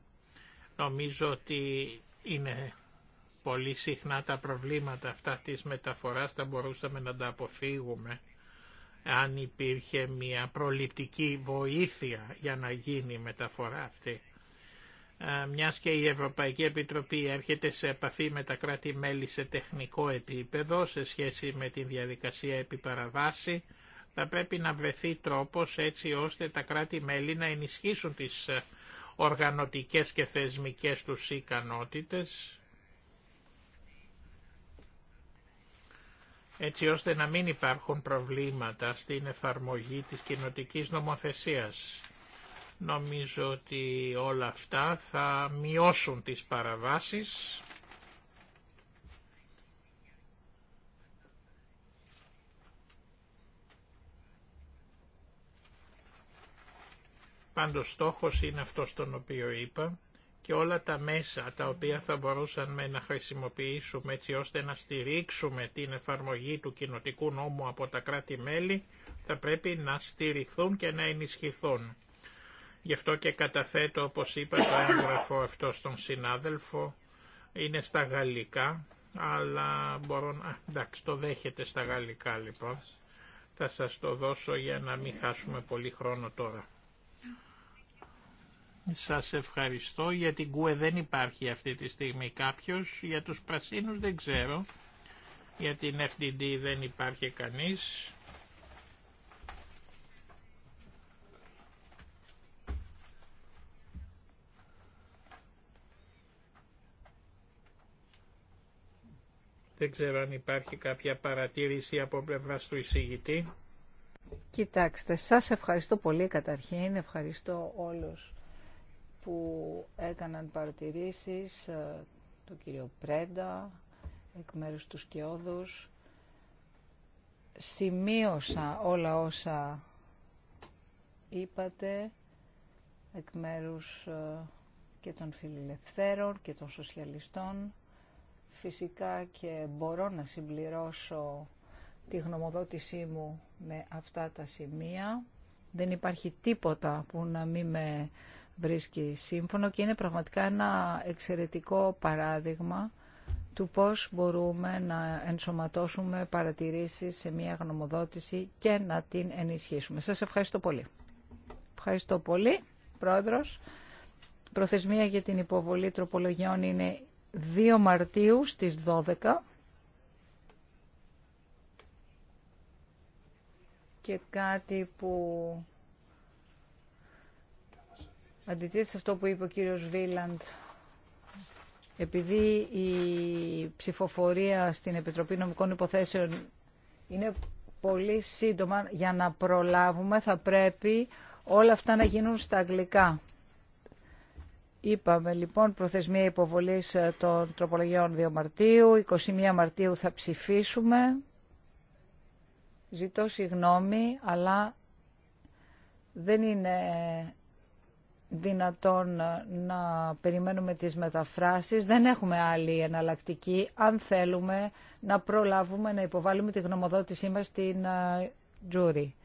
Νομίζω ότι είναι Πολύ συχνά τα προβλήματα αυτά της μεταφοράς θα μπορούσαμε να τα αποφύγουμε αν υπήρχε μια προληπτική βοήθεια για να γίνει η μεταφορά αυτή. Ε, μιας και η Ευρωπαϊκή Επιτροπή έρχεται σε επαφή με τα κράτη-μέλη σε τεχνικό επίπεδο σε σχέση με την διαδικασία επιπαραβάση, θα πρέπει να βρεθεί τρόπος έτσι ώστε τα κράτη-μέλη να ενισχύσουν τις ε, οργανωτικές και θεσμικές τους ικανότητες έτσι ώστε να μην υπάρχουν προβλήματα στην εφαρμογή της κοινοτικής νομοθεσίας. Νομίζω ότι όλα αυτά θα μειώσουν τις παραβάσεις Πάντως στόχος είναι αυτός τον οποίο είπα και όλα τα μέσα τα οποία θα μπορούσαμε να χρησιμοποιήσουμε έτσι ώστε να στηρίξουμε την εφαρμογή του κοινοτικού νόμου από τα κράτη-μέλη θα πρέπει να στηριχθούν και να ενισχυθούν. Γι' αυτό και καταθέτω, όπως είπα, το έγγραφο αυτό στον συνάδελφο. Είναι στα γαλλικά, αλλά μπορώ να... εντάξει, το δέχεται στα γαλλικά λοιπόν. Θα σας το δώσω για να μην χάσουμε πολύ χρόνο τώρα. Σας ευχαριστώ. Για την ΚΟΕ δεν υπάρχει αυτή τη στιγμή κάποιος. Για τους πρασίνους δεν ξέρω. Για την FDD δεν υπάρχει κανείς. Δεν ξέρω αν υπάρχει κάποια παρατήρηση από πλευρά του εισηγητή. Κοιτάξτε, σας ευχαριστώ πολύ καταρχήν, ευχαριστώ όλους που έκαναν παρατηρήσεις, ε, το κύριο Πρέντα, εκ μέρους του Σκιώδους. Σημείωσα όλα όσα είπατε, εκ μέρους ε, και των φιλελευθέρων και των σοσιαλιστών. Φυσικά και μπορώ να συμπληρώσω τη γνωμοδότησή μου με αυτά τα σημεία. Δεν υπάρχει τίποτα που να μην με βρίσκει σύμφωνο και είναι πραγματικά ένα εξαιρετικό παράδειγμα του πώς μπορούμε να ενσωματώσουμε παρατηρήσεις σε μια γνωμοδότηση και να την ενισχύσουμε. Σας ευχαριστώ πολύ. Ευχαριστώ πολύ, Πρόεδρος. Προθεσμία για την υποβολή τροπολογιών είναι 2 Μαρτίου στις 12. Και κάτι που αντιτίθεται σε αυτό που είπε ο κύριος Βίλαντ, επειδή η ψηφοφορία στην Επιτροπή Νομικών Υποθέσεων είναι πολύ σύντομα, για να προλάβουμε θα πρέπει όλα αυτά να γίνουν στα αγγλικά. Είπαμε λοιπόν προθεσμία υποβολής ε, των τροπολογιών 2 Μαρτίου, 21 Μαρτίου θα ψηφίσουμε. Ζητώ συγγνώμη, αλλά δεν είναι δυνατόν να περιμένουμε τις μεταφράσεις. Δεν έχουμε άλλη εναλλακτική αν θέλουμε να προλάβουμε να υποβάλουμε τη γνωμοδότησή μας στην ε, τζούρι.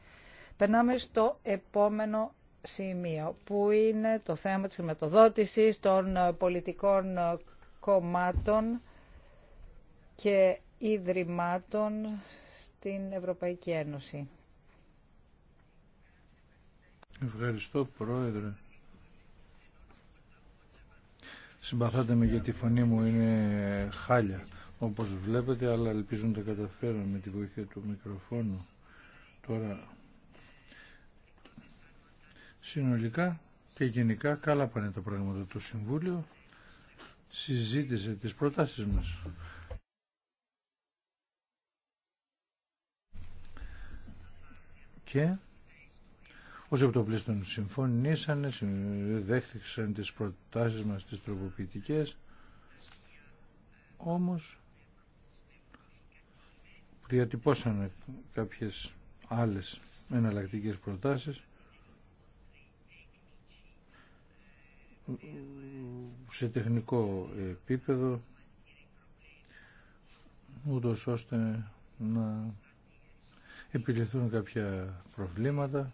Περνάμε στο επόμενο σημείο που είναι το θέμα της χρηματοδότησης των ε, πολιτικών ε, κομμάτων και ίδρυμάτων στην Ευρωπαϊκή Ένωση. Ευχαριστώ Πρόεδρε. Συμπαθάτε με γιατί η φωνή μου είναι χάλια, όπως βλέπετε, αλλά ελπίζω να τα καταφέρω με τη βοήθεια του μικροφόνου. Τώρα, συνολικά και γενικά, καλά πάνε τα πράγματα. Το Συμβούλιο συζήτησε τις προτάσεις μας. Και Όσοι από το πλήστον συμφωνήσανε, δέχτηκαν τις προτάσεις μας, τις τροποποιητικές, όμως διατυπώσανε κάποιες άλλες εναλλακτικέ προτάσεις σε τεχνικό επίπεδο ούτως ώστε να επιληθούν κάποια προβλήματα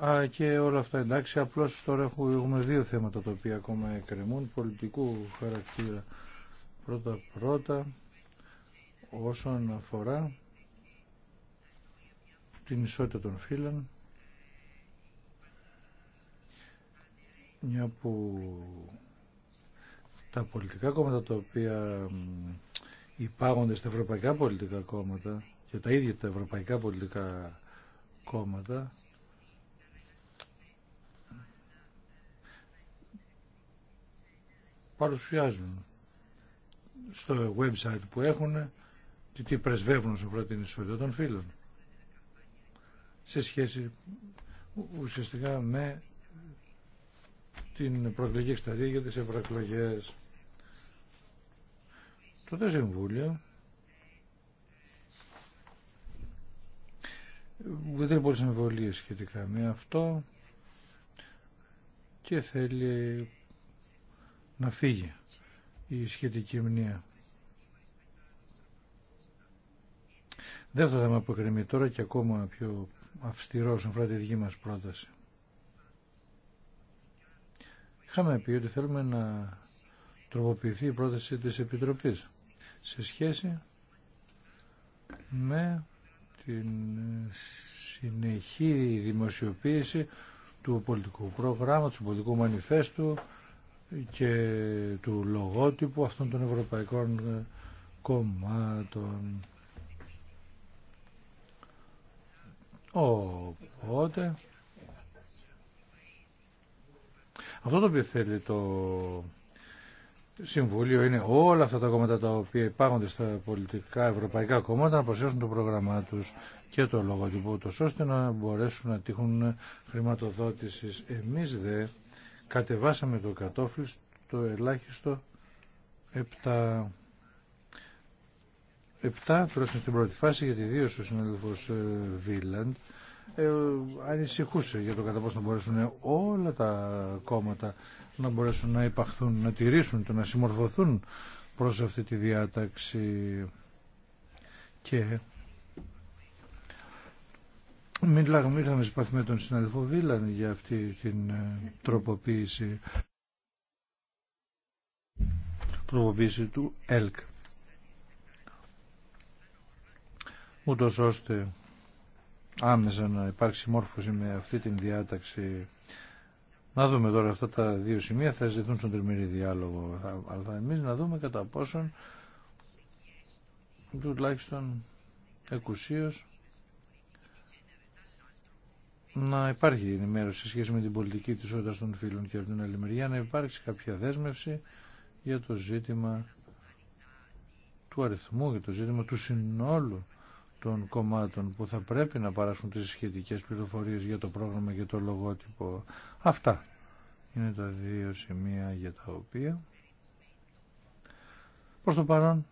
Α, και όλα αυτά εντάξει, απλώς τώρα έχουμε δύο θέματα τα οποία ακόμα εκκρεμούν, πολιτικού χαρακτήρα. Πρώτα-πρώτα, όσον αφορά την ισότητα των φύλων, μια που τα πολιτικά κόμματα τα οποία υπάγονται στα ευρωπαϊκά πολιτικά κόμματα και τα ίδια τα ευρωπαϊκά πολιτικά κόμματα παρουσιάζουν στο website που έχουν τι, τι πρεσβεύουν σε πρώτη την ισότητα των φίλων σε σχέση ουσιαστικά με την προεκλογική εκστατεία για τις ευρωεκλογές Το δε συμβούλιο δεν μπορεί να σχετικά με αυτό και θέλει να φύγει η σχετική μνήμα. Δεύτερο θέμα που εκκρεμεί τώρα και ακόμα πιο αυστηρό όσον τη δική μας πρόταση. Είχαμε πει ότι θέλουμε να τροποποιηθεί η πρόταση της Επιτροπής σε σχέση με την συνεχή δημοσιοποίηση του πολιτικού προγράμματος, του πολιτικού μανιφέστου, και του λογότυπου αυτών των ευρωπαϊκών ε, κομμάτων. Οπότε, αυτό το οποίο θέλει το Συμβούλιο είναι όλα αυτά τα κόμματα τα οποία υπάρχουν στα πολιτικά ευρωπαϊκά κόμματα να προσθέσουν το πρόγραμμά τους και το λογοτυπό τους ώστε να μπορέσουν να τύχουν χρηματοδότησης. Εμείς δε κατεβάσαμε το κατόφλι στο ελάχιστο 7. 7, τουλάχιστον στην πρώτη φάση, γιατί δύο ο συνάδελφο ε, Βίλαντ ε, ανησυχούσε για το κατά πόσο να μπορέσουν όλα τα κόμματα να μπορέσουν να υπαχθούν, να τηρήσουν, να συμμορφωθούν προς αυτή τη διάταξη και Μιλάγαμε, ήρθαμε σε επαφή με τον συναδελφό Βίλαν για αυτή την ε, τροποποίηση, τροποποίηση του ΕΛΚ. Ούτως ώστε άμεσα να υπάρξει μόρφωση με αυτή την διάταξη. Να δούμε τώρα αυτά τα δύο σημεία, θα ζητούν στον τριμήρη διάλογο, αλλά θα εμείς να δούμε κατά πόσον τουλάχιστον εκουσίως να υπάρχει ενημέρωση σε σχέση με την πολιτική της όντα των φίλων και από την άλλη μεριά να υπάρξει κάποια δέσμευση για το ζήτημα του αριθμού, για το ζήτημα του συνόλου των κομμάτων που θα πρέπει να παράσχουν τις σχετικές πληροφορίες για το πρόγραμμα και το λογότυπο. Αυτά είναι τα δύο σημεία για τα οποία προς το παρόν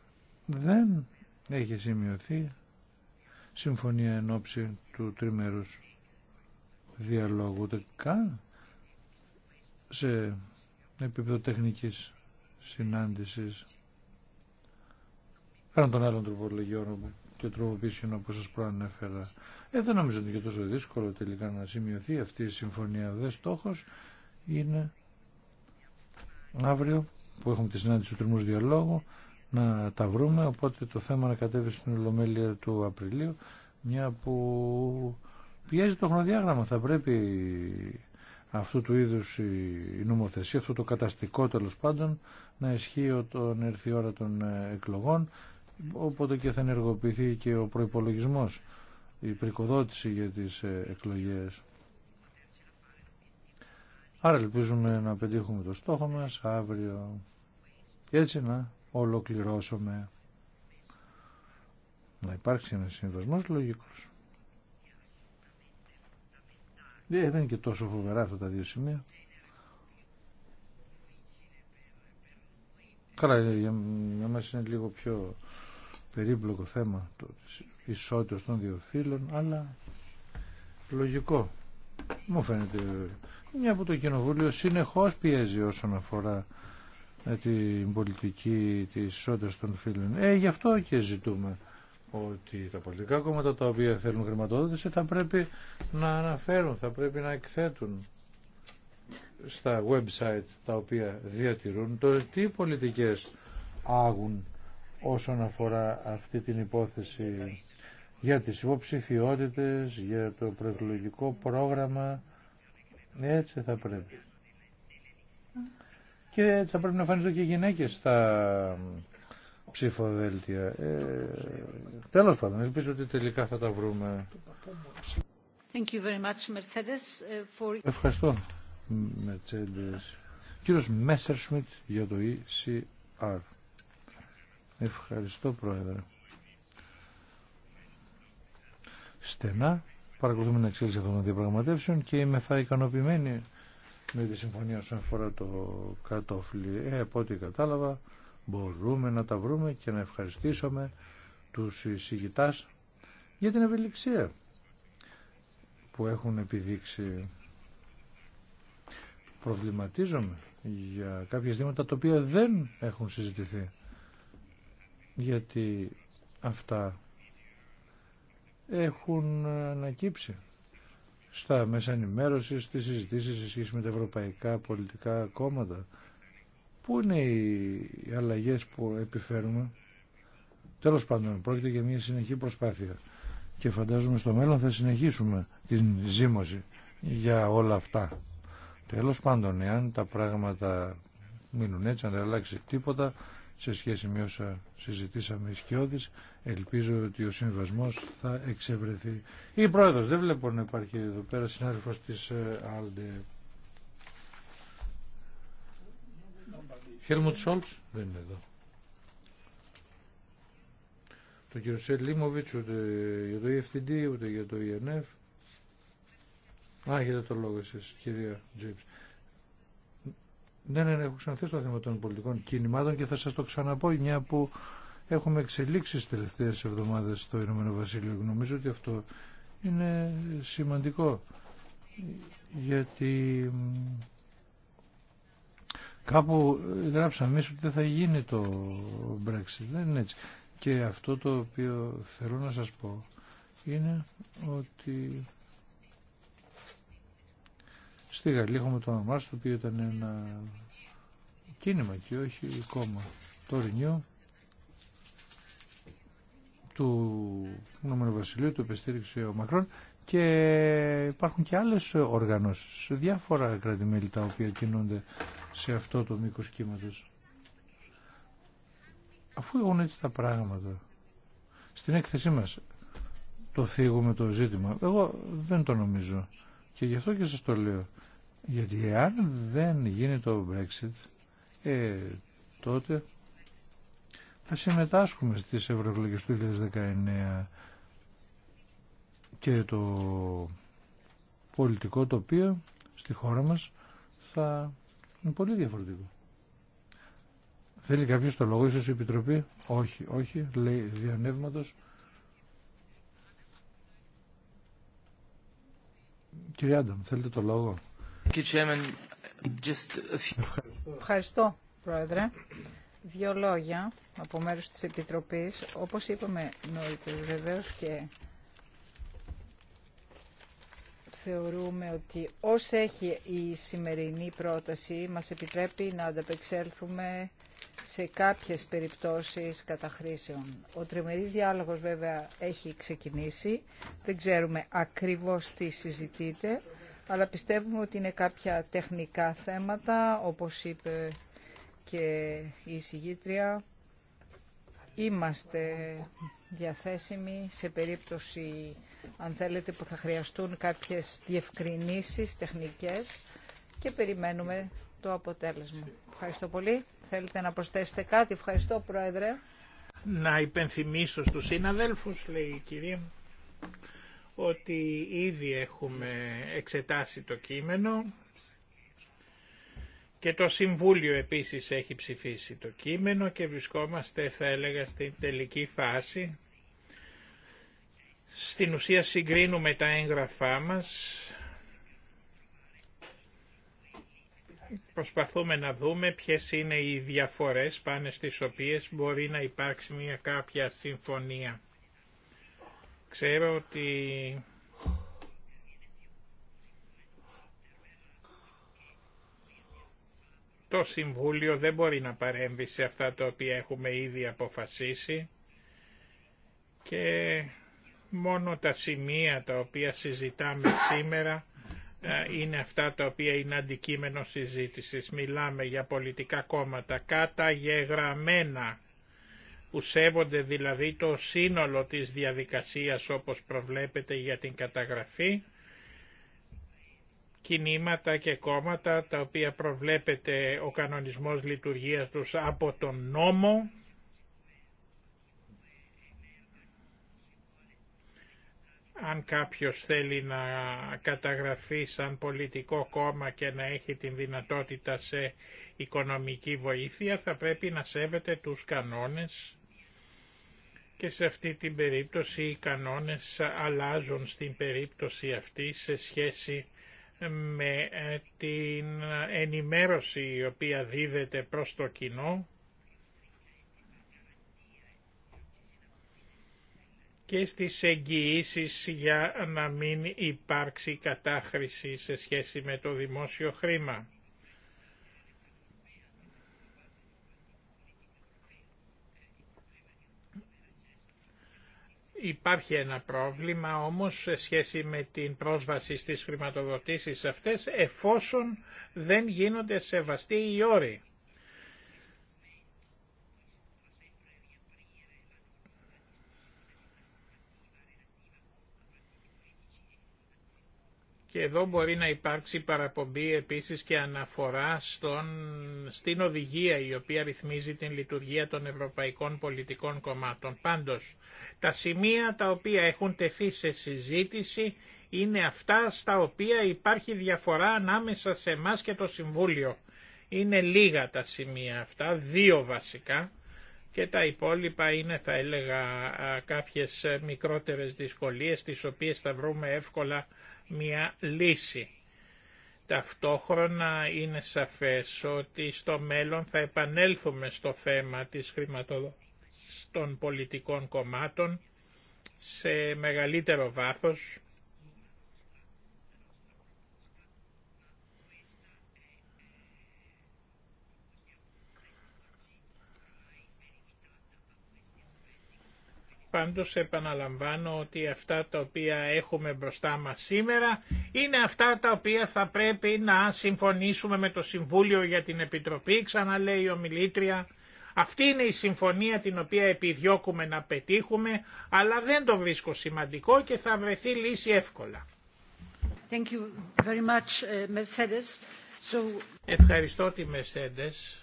δεν έχει σημειωθεί συμφωνία εν ώψη του τριμερούς διαλόγου, ούτε καν σε επίπεδο τεχνικής συνάντησης πέραν των άλλων τροπολογιών και τροποποίησεων όπως σας προανέφερα. Ε, δεν νομίζω ότι είναι και τόσο δύσκολο τελικά να σημειωθεί αυτή η συμφωνία. Δεν στόχος είναι αύριο που έχουμε τη συνάντηση του τριμούς διαλόγου να τα βρούμε, οπότε το θέμα να κατέβει στην Ολομέλεια του Απριλίου, μια που πιέζει το χρονοδιάγραμμα. Θα πρέπει αυτού του είδου η νομοθεσία, αυτό το καταστικό τέλο πάντων, να ισχύει όταν έρθει η ώρα των ε, εκλογών, όποτε και θα ενεργοποιηθεί και ο προπολογισμό. η πρικοδότηση για τις ε, εκλογές. Άρα ελπίζουμε να πετύχουμε το στόχο μας αύριο και έτσι να ολοκληρώσουμε να υπάρξει ένα συμβασμός λογικός. Ναι, δεν είναι και τόσο φοβερά αυτά τα δύο σημεία. Καλά, για, για μας είναι λίγο πιο περίπλοκο θέμα το ισότητα των δύο φίλων, αλλά λογικό. Μου φαίνεται μια από το Κοινοβούλιο συνεχώς πιέζει όσον αφορά ε, την πολιτική της ισότητας των φίλων. Ε, γι' αυτό και ζητούμε ότι τα πολιτικά κόμματα τα οποία θέλουν χρηματοδότηση θα πρέπει να αναφέρουν, θα πρέπει να εκθέτουν στα website τα οποία διατηρούν το τι πολιτικές άγουν όσον αφορά αυτή την υπόθεση για τις υποψηφιότητες, για το προεκλογικό πρόγραμμα. Έτσι θα πρέπει. Και έτσι θα πρέπει να εμφανίζονται και οι γυναίκες στα ψηφοδέλτια. Ε, τέλος πάντων, ελπίζω ότι τελικά θα τα βρούμε. Thank you very much, Mercedes, ε, for... Ευχαριστώ, Mercedes. Κύριος Μέσσερ για το ECR. Ευχαριστώ, Πρόεδρε. Στενά παρακολουθούμε την εξέλιξη αυτών των διαπραγματεύσεων και είμαι θα ικανοποιημένη με τη συμφωνία όσον αφορά το κατόφλι. Ε, από ό,τι κατάλαβα, μπορούμε να τα βρούμε και να ευχαριστήσουμε τους συγητάς. για την ευελιξία που έχουν επιδείξει. Προβληματίζομαι για κάποια ζητήματα τα οποία δεν έχουν συζητηθεί γιατί αυτά έχουν ανακύψει στα μέσα ενημέρωση, στις συζητήσεις σε με τα ευρωπαϊκά πολιτικά κόμματα Πού είναι οι αλλαγές που επιφέρουμε. Τέλος πάντων, πρόκειται για μια συνεχή προσπάθεια. Και φαντάζομαι στο μέλλον θα συνεχίσουμε την ζήμωση για όλα αυτά. Τέλος πάντων, εάν τα πράγματα μείνουν έτσι, αν δεν αλλάξει τίποτα, σε σχέση με όσα συζητήσαμε ισχυώδης, ελπίζω ότι ο συμβασμός θα εξευρεθεί. Ή πρόεδρος, δεν βλέπω να υπάρχει εδώ πέρα συνάδελφος της ε, Άλντε Χέλμουτ Σόλτ δεν είναι εδώ. Το κύριο Σελίμοβιτ ούτε για το EFTD ούτε για το ENF. Α, έχετε το λόγο εσεί, κυρία Τζέιμ. Ναι, ναι, ναι, έχω ξαναθέσει το θέμα των πολιτικών κινημάτων και θα σα το ξαναπώ μια που έχουμε εξελίξει τι τελευταίε εβδομάδε στο Ηνωμένο Βασίλειο νομίζω ότι αυτό είναι σημαντικό γιατί Κάπου ε, γράψαμε εμείς ότι δεν θα γίνει το Brexit. Δεν είναι έτσι. Και αυτό το οποίο θέλω να σας πω είναι ότι στη Γαλλία έχουμε το όνομά το οποίο ήταν ένα κίνημα και όχι κόμμα. Το Ρινιό του Ηνωμένου Βασιλείου, του επεστήριξε ο Μακρόν και υπάρχουν και άλλες οργανώσεις διάφορα κρατημέλη τα οποία κινούνται σε αυτό το μήκος κύματος. Αφού έχουν έτσι τα πράγματα, στην έκθεσή μας το θίγουμε το ζήτημα. Εγώ δεν το νομίζω και γι' αυτό και σας το λέω. Γιατί εάν δεν γίνει το Brexit, ε, τότε θα συμμετάσχουμε στις ευρωεκλογές του 2019 και το πολιτικό τοπίο στη χώρα μας θα είναι πολύ διαφορετικό. Θέλει κάποιο το λόγο, ίσω η Επιτροπή. Όχι, όχι, λέει διανεύματο. Κύριε Άνταμ, θέλετε το λόγο. Ευχαριστώ, Πρόεδρε. Δύο λόγια από μέρους της Επιτροπής. Όπως είπαμε νωρίτερα, βεβαίως και θεωρούμε ότι ως έχει η σημερινή πρόταση μας επιτρέπει να ανταπεξέλθουμε σε κάποιες περιπτώσεις καταχρήσεων. Ο τριμερής διάλογος βέβαια έχει ξεκινήσει, δεν ξέρουμε ακριβώς τι συζητείτε, αλλά πιστεύουμε ότι είναι κάποια τεχνικά θέματα, όπως είπε και η συγγήτρια. Είμαστε διαθέσιμοι σε περίπτωση αν θέλετε, που θα χρειαστούν κάποιες διευκρινήσεις τεχνικές και περιμένουμε το αποτέλεσμα. Ευχαριστώ πολύ. Θέλετε να προσθέσετε κάτι. Ευχαριστώ, Πρόεδρε. Να υπενθυμίσω στους συναδέλφους, λέει η κυρία ότι ήδη έχουμε εξετάσει το κείμενο και το Συμβούλιο επίσης έχει ψηφίσει το κείμενο και βρισκόμαστε θα έλεγα στην τελική φάση στην ουσία συγκρίνουμε τα έγγραφά μας, προσπαθούμε να δούμε ποιες είναι οι διαφορές πάνε στις οποίες μπορεί να υπάρξει μια κάποια συμφωνία. Ξέρω ότι το Συμβούλιο δεν μπορεί να παρέμβει σε αυτά τα οποία έχουμε ήδη αποφασίσει και μόνο τα σημεία τα οποία συζητάμε σήμερα ε, είναι αυτά τα οποία είναι αντικείμενο συζήτησης. Μιλάμε για πολιτικά κόμματα καταγεγραμμένα που σέβονται δηλαδή το σύνολο της διαδικασίας όπως προβλέπεται για την καταγραφή, κινήματα και κόμματα τα οποία προβλέπεται ο κανονισμός λειτουργίας τους από τον νόμο, αν κάποιος θέλει να καταγραφεί σαν πολιτικό κόμμα και να έχει την δυνατότητα σε οικονομική βοήθεια θα πρέπει να σέβεται τους κανόνες και σε αυτή την περίπτωση οι κανόνες αλλάζουν στην περίπτωση αυτή σε σχέση με την ενημέρωση η οποία δίδεται προς το κοινό και στις εγγυήσει για να μην υπάρξει κατάχρηση σε σχέση με το δημόσιο χρήμα. Υπάρχει ένα πρόβλημα όμως σε σχέση με την πρόσβαση στις χρηματοδοτήσεις αυτές εφόσον δεν γίνονται σεβαστοί οι όροι. Και εδώ μπορεί να υπάρξει παραπομπή επίσης και αναφορά στον, στην οδηγία η οποία ρυθμίζει την λειτουργία των ευρωπαϊκών πολιτικών κομμάτων. Πάντως, τα σημεία τα οποία έχουν τεθεί σε συζήτηση είναι αυτά στα οποία υπάρχει διαφορά ανάμεσα σε εμά και το Συμβούλιο. Είναι λίγα τα σημεία αυτά, δύο βασικά, και τα υπόλοιπα είναι θα έλεγα κάποιες μικρότερες δυσκολίες τις οποίες θα βρούμε εύκολα μια λύση. Ταυτόχρονα είναι σαφές ότι στο μέλλον θα επανέλθουμε στο θέμα της χρηματοδότησης των πολιτικών κομμάτων σε μεγαλύτερο βάθος Πάντως επαναλαμβάνω ότι αυτά τα οποία έχουμε μπροστά μας σήμερα είναι αυτά τα οποία θα πρέπει να συμφωνήσουμε με το Συμβούλιο για την Επιτροπή, ξαναλέει ο ομιλήτρια. Αυτή είναι η συμφωνία την οποία επιδιώκουμε να πετύχουμε, αλλά δεν το βρίσκω σημαντικό και θα βρεθεί λύση εύκολα. Thank you very much, ε, Ευχαριστώ τη Μεσέντες.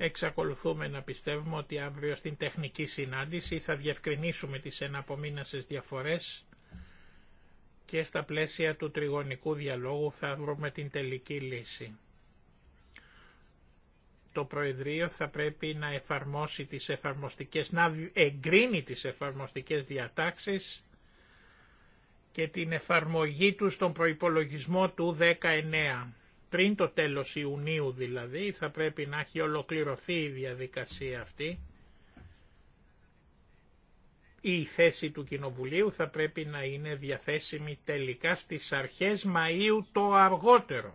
Εξακολουθούμε να πιστεύουμε ότι αύριο στην τεχνική συνάντηση θα διευκρινίσουμε τις εναπομείνασες διαφορές και στα πλαίσια του τριγωνικού διαλόγου θα βρούμε την τελική λύση. Το Προεδρείο θα πρέπει να εφαρμόσει τις εφαρμοστικές, να εγκρίνει τις εφαρμοστικές διατάξεις και την εφαρμογή του στον προϋπολογισμό του 19 πριν το τέλος Ιουνίου δηλαδή, θα πρέπει να έχει ολοκληρωθεί η διαδικασία αυτή, η θέση του Κοινοβουλίου θα πρέπει να είναι διαθέσιμη τελικά στις αρχές Μαΐου το αργότερο.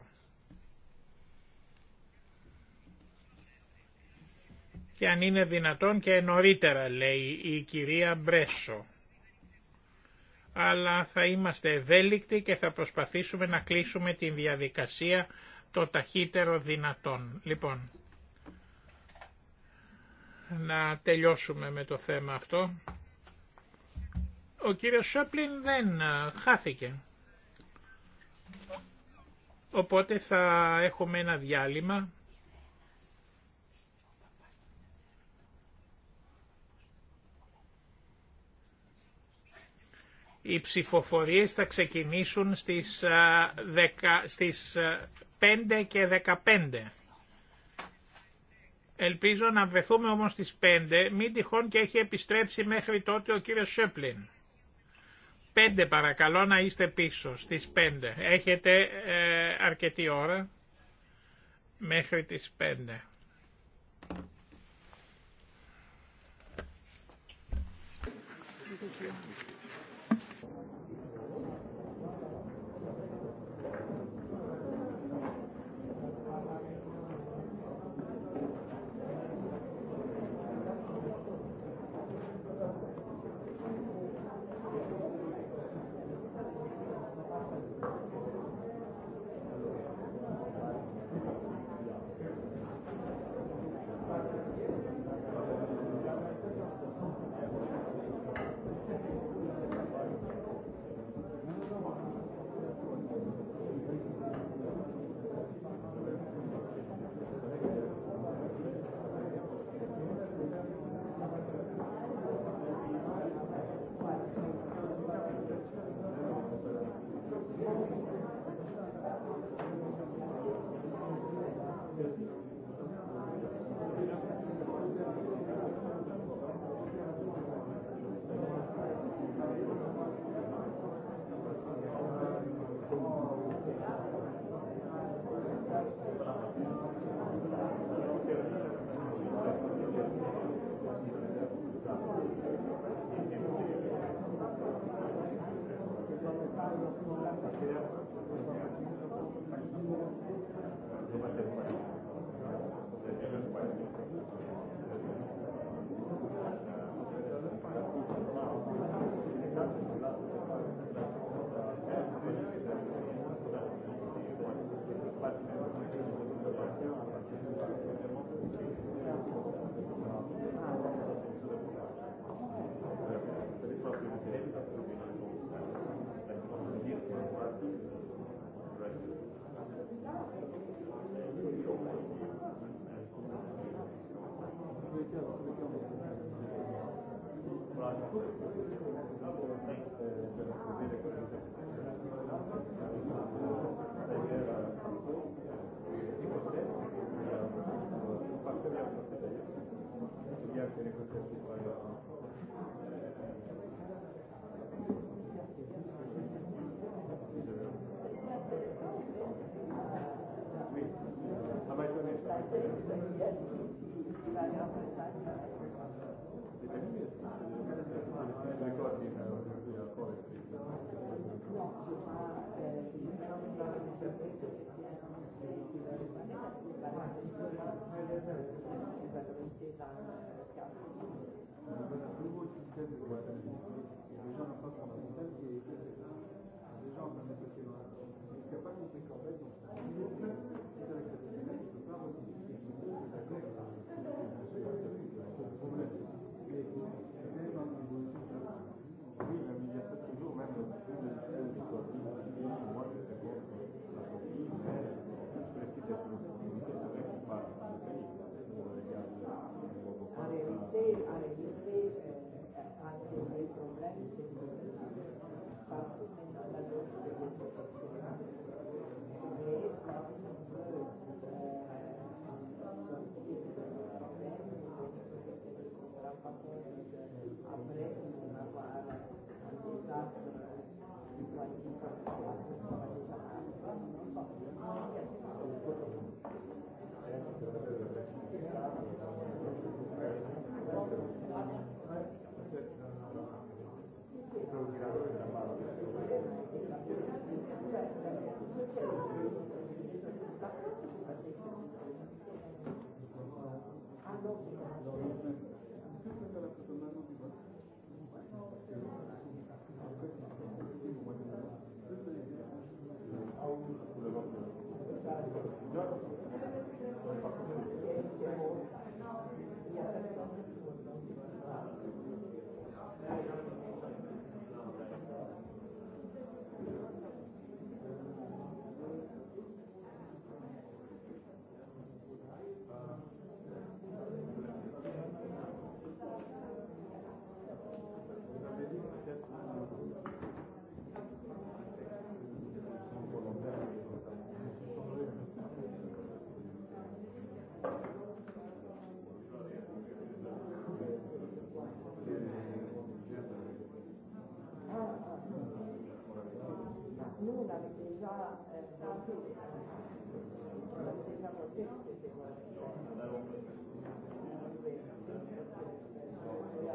Και αν είναι δυνατόν και νωρίτερα, λέει η κυρία Μπρέσο αλλά θα είμαστε ευέλικτοι και θα προσπαθήσουμε να κλείσουμε την διαδικασία το ταχύτερο δυνατόν. Λοιπόν, να τελειώσουμε με το θέμα αυτό. Ο κύριος Σόπλιν δεν χάθηκε. Οπότε θα έχουμε ένα διάλειμμα. Οι ψηφοφορίες θα ξεκινήσουν στις, 10, 5 και 15. Ελπίζω να βρεθούμε όμως στις 5, μην τυχόν και έχει επιστρέψει μέχρι τότε ο κύριος Σέπλιν. 5 παρακαλώ να είστε πίσω στις 5. Έχετε ε, αρκετή ώρα μέχρι τις 5. Thank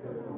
Thank you.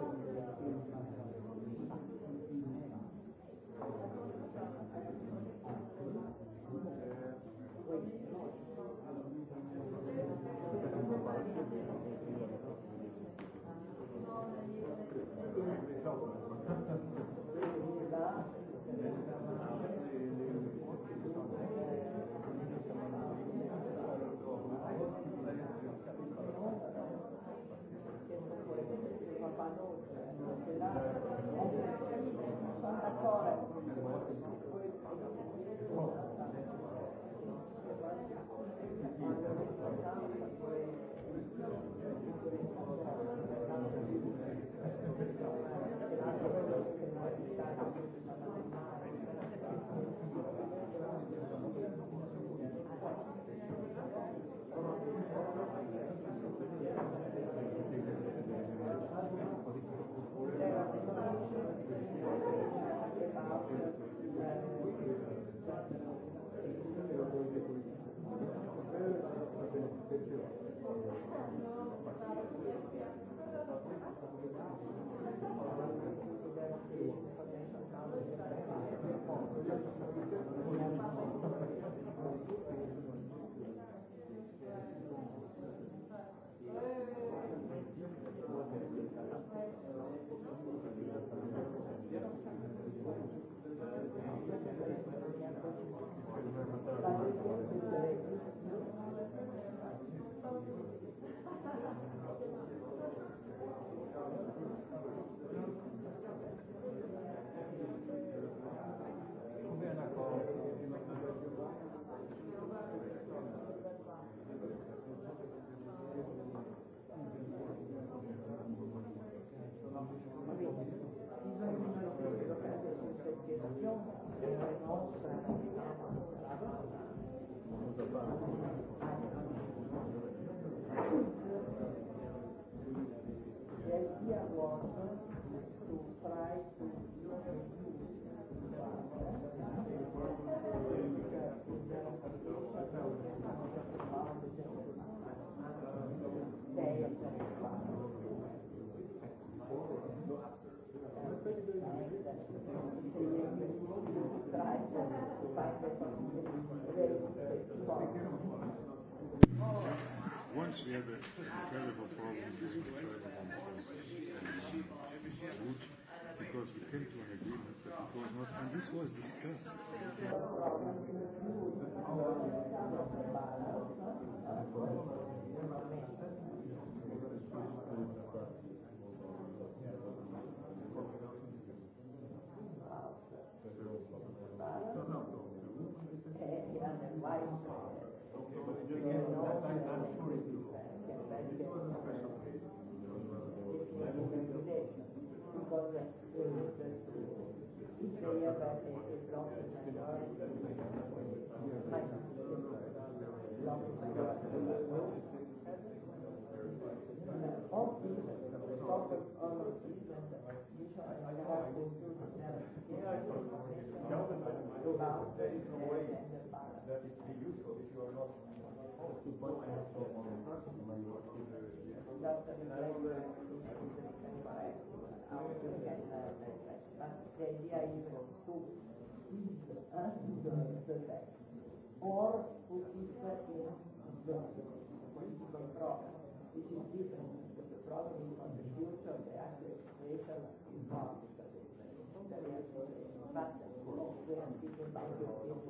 sometimes we have an incredible problem with incredible compromises. Good, because we came to an agreement that it was not, and this was discussed. Or put it in the problem, which is different. The problem is the future, the actual situation is not. But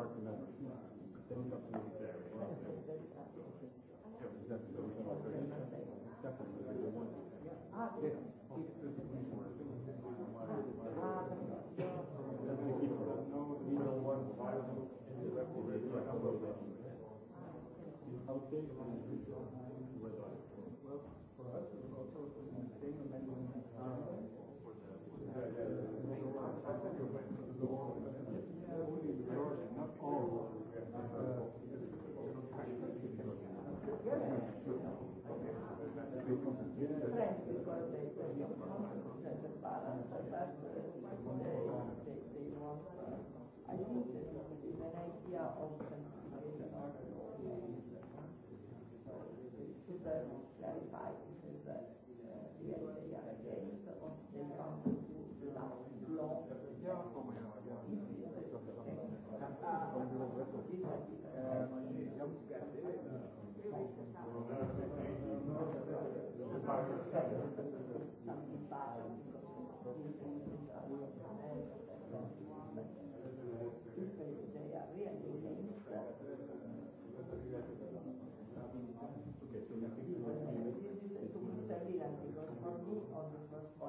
Ευχαριστώ.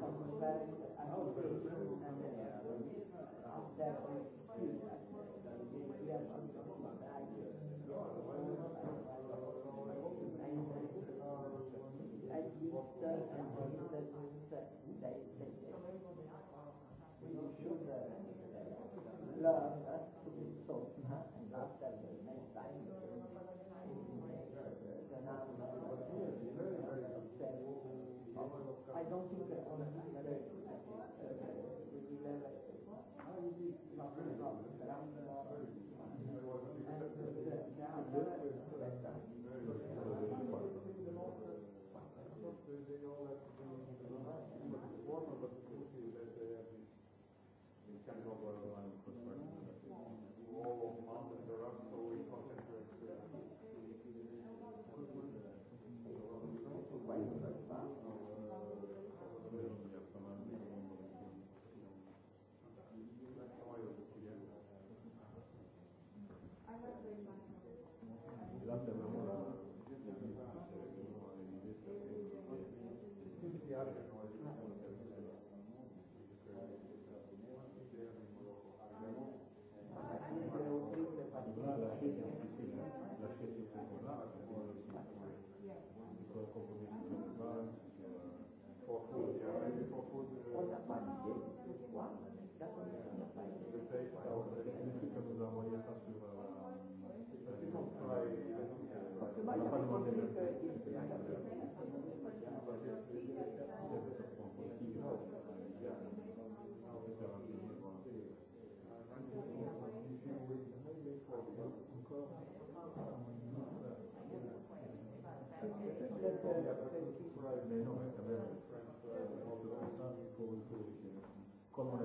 Thank you. Come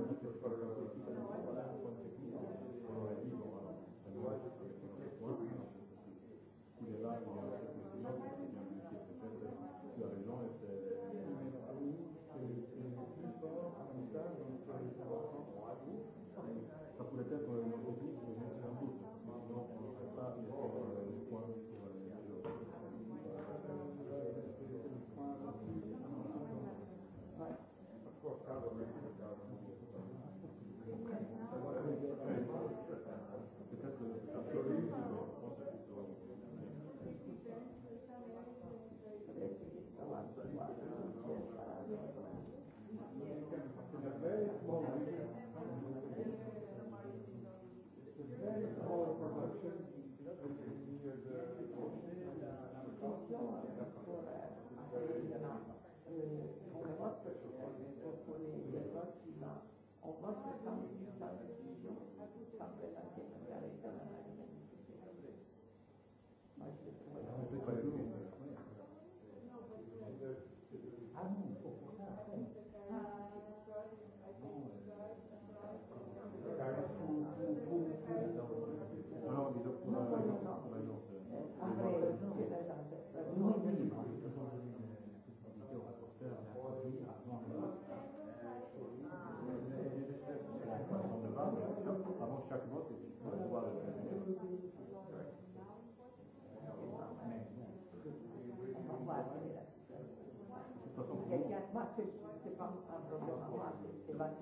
ma se, se fa un problema se va piace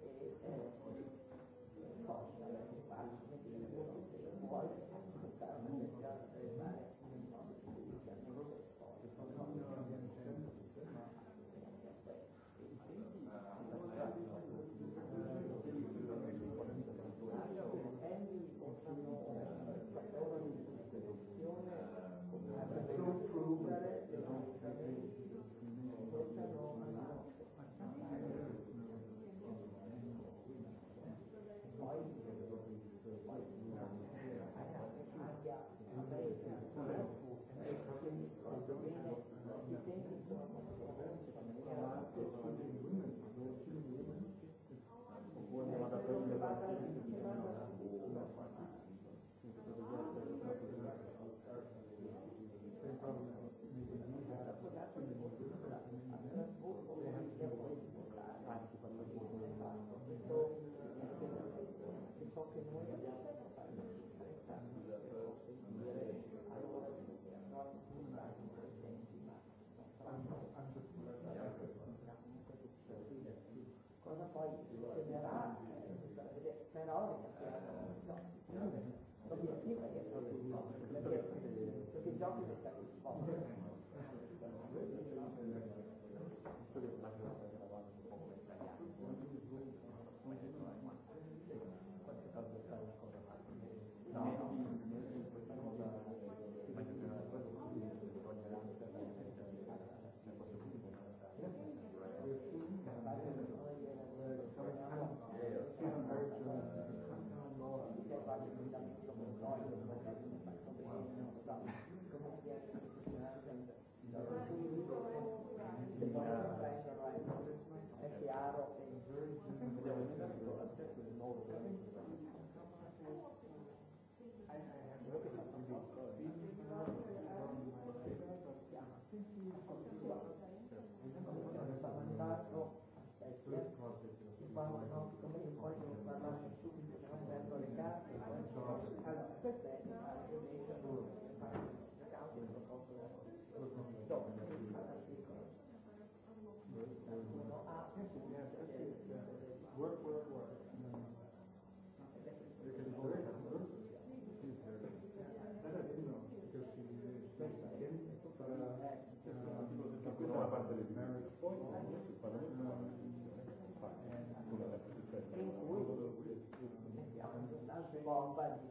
Πάντω.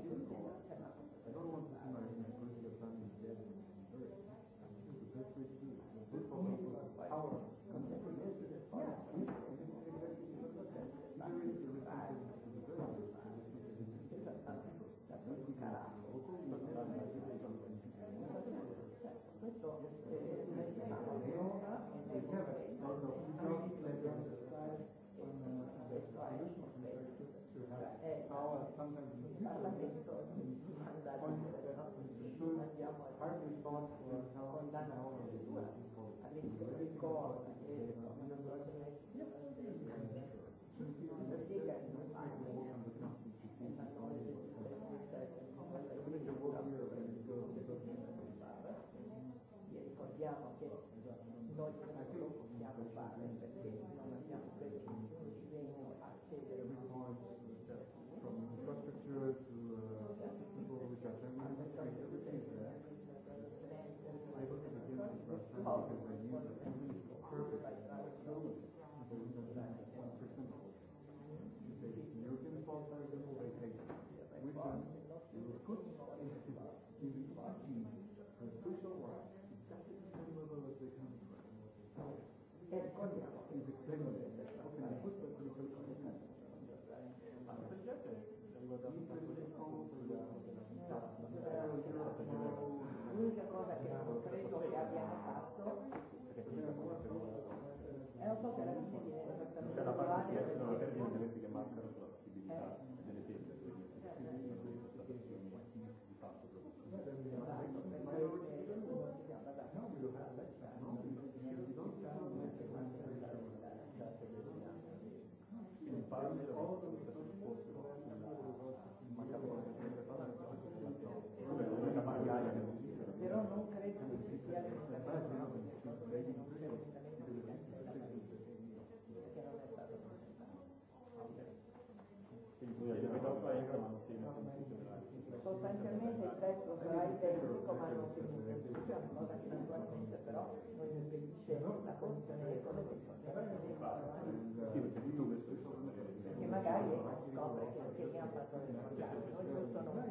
diciamo che non a Italia, scopre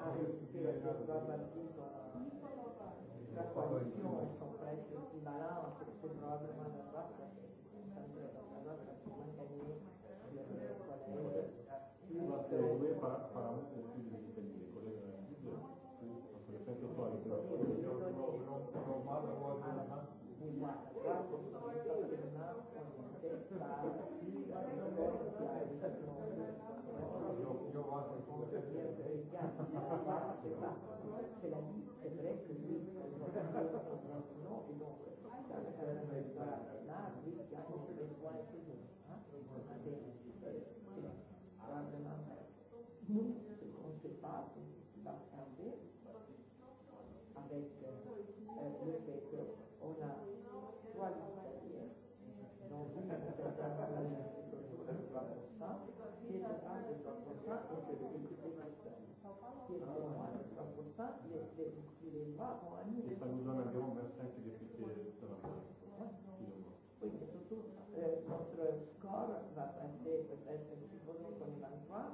Grazie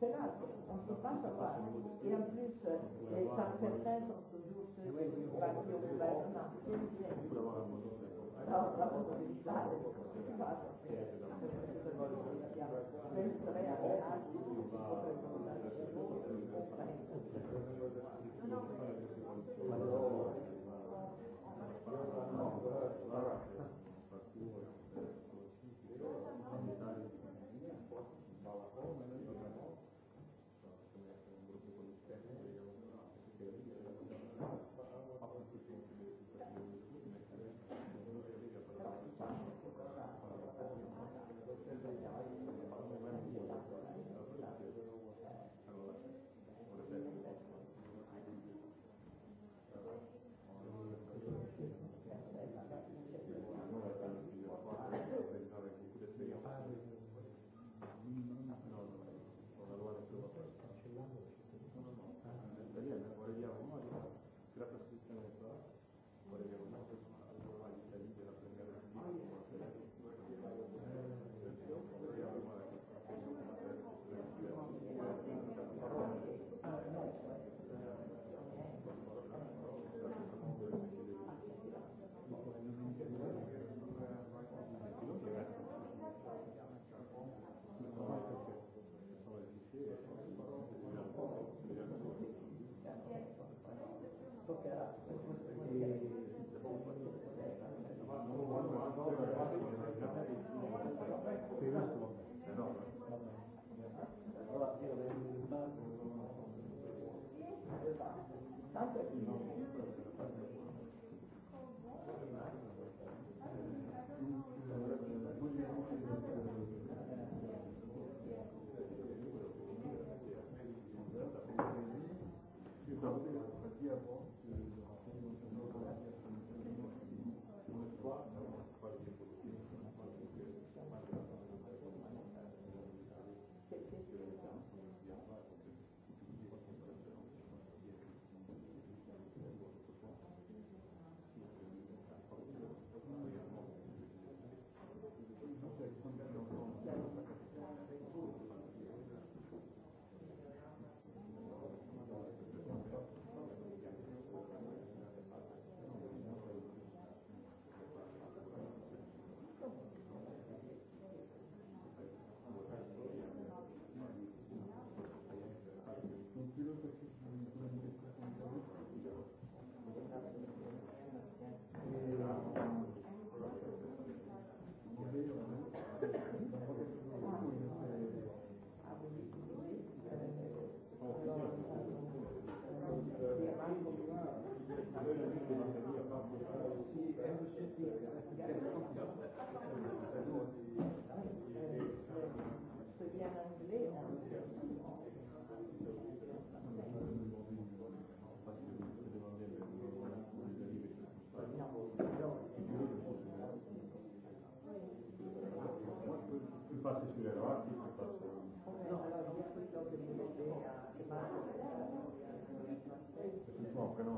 Peraltro, on ne peut plus,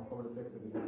Gracias.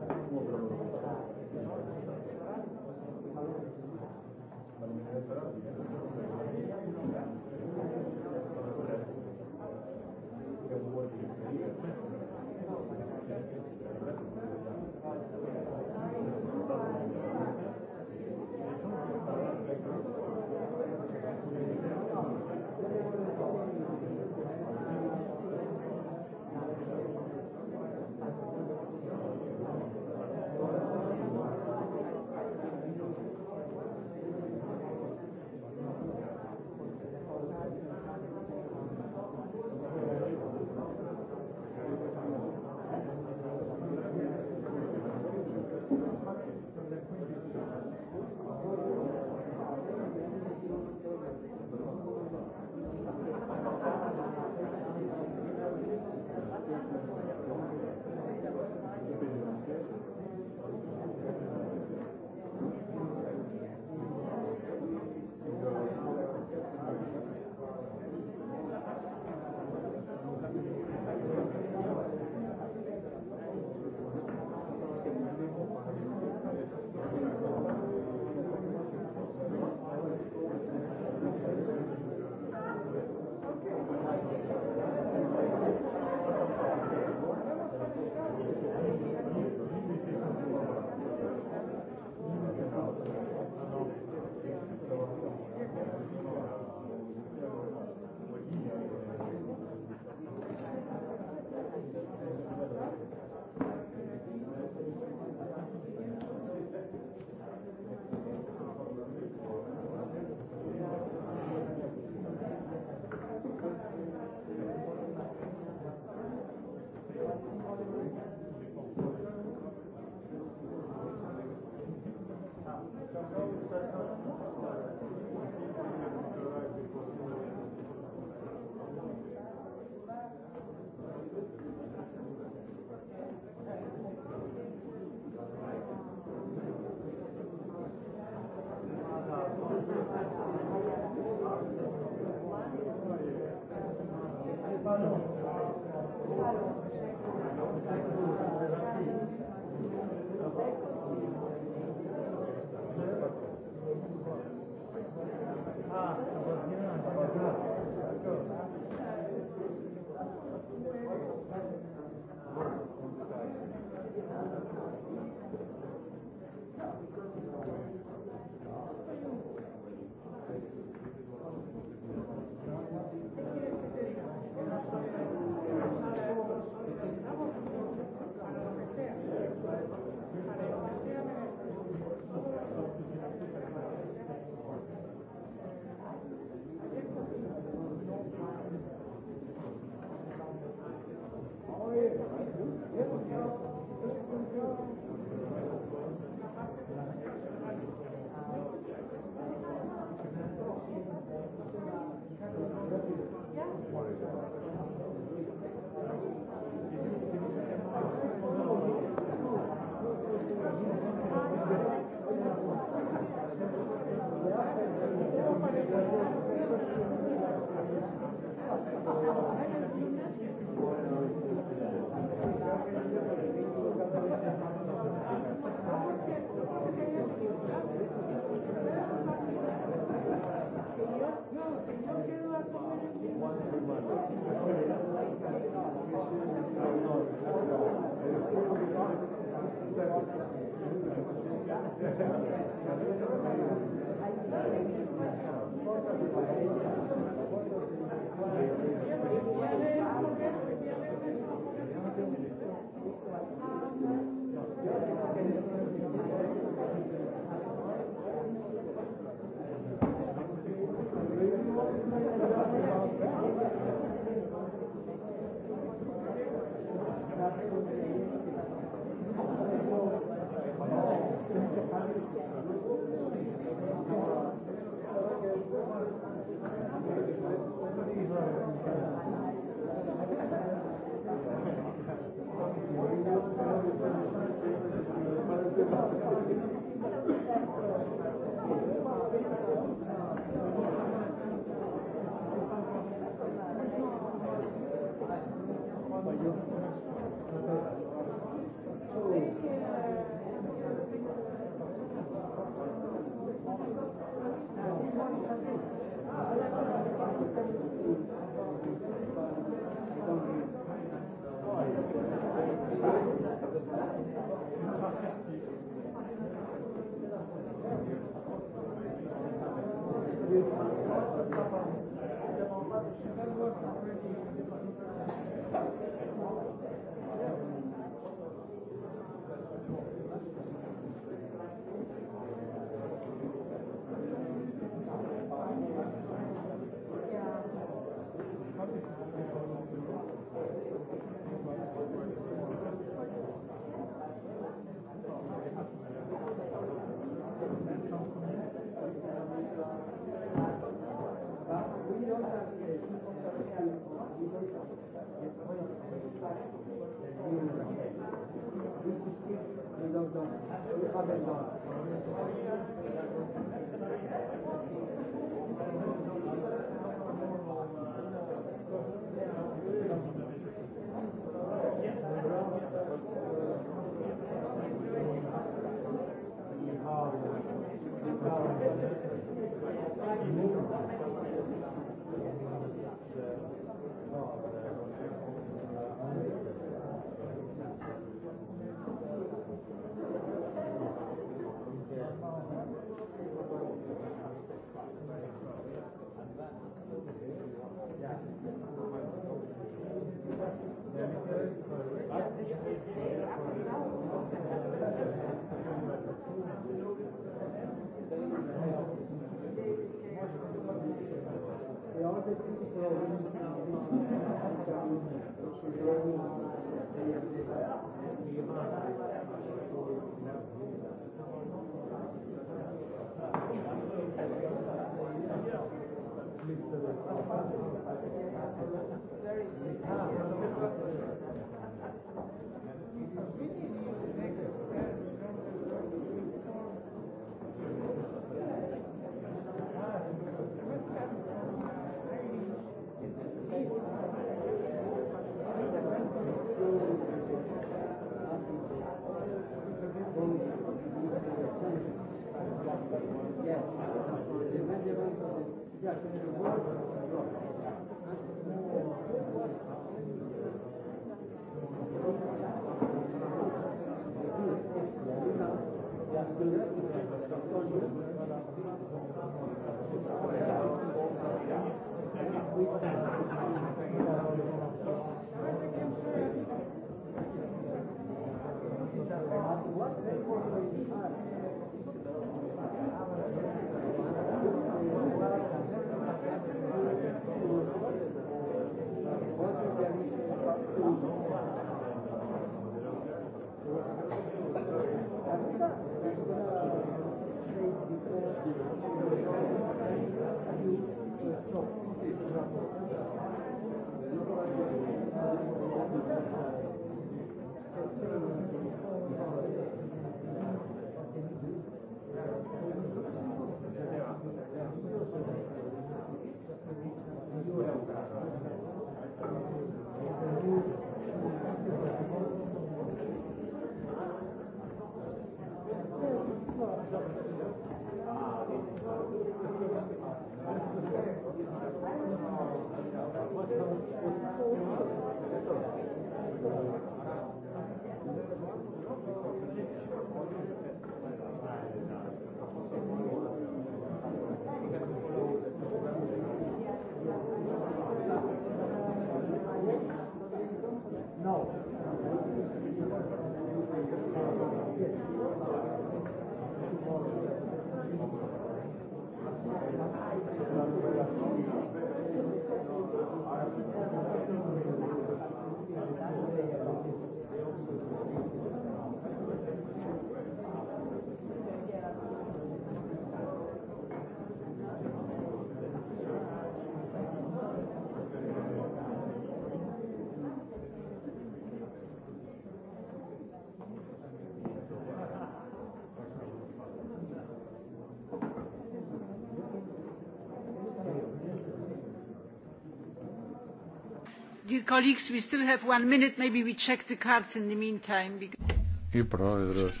Colleagues, we still have one minute. Maybe we check the cards in the meantime. Because... Η Πρόεδρος,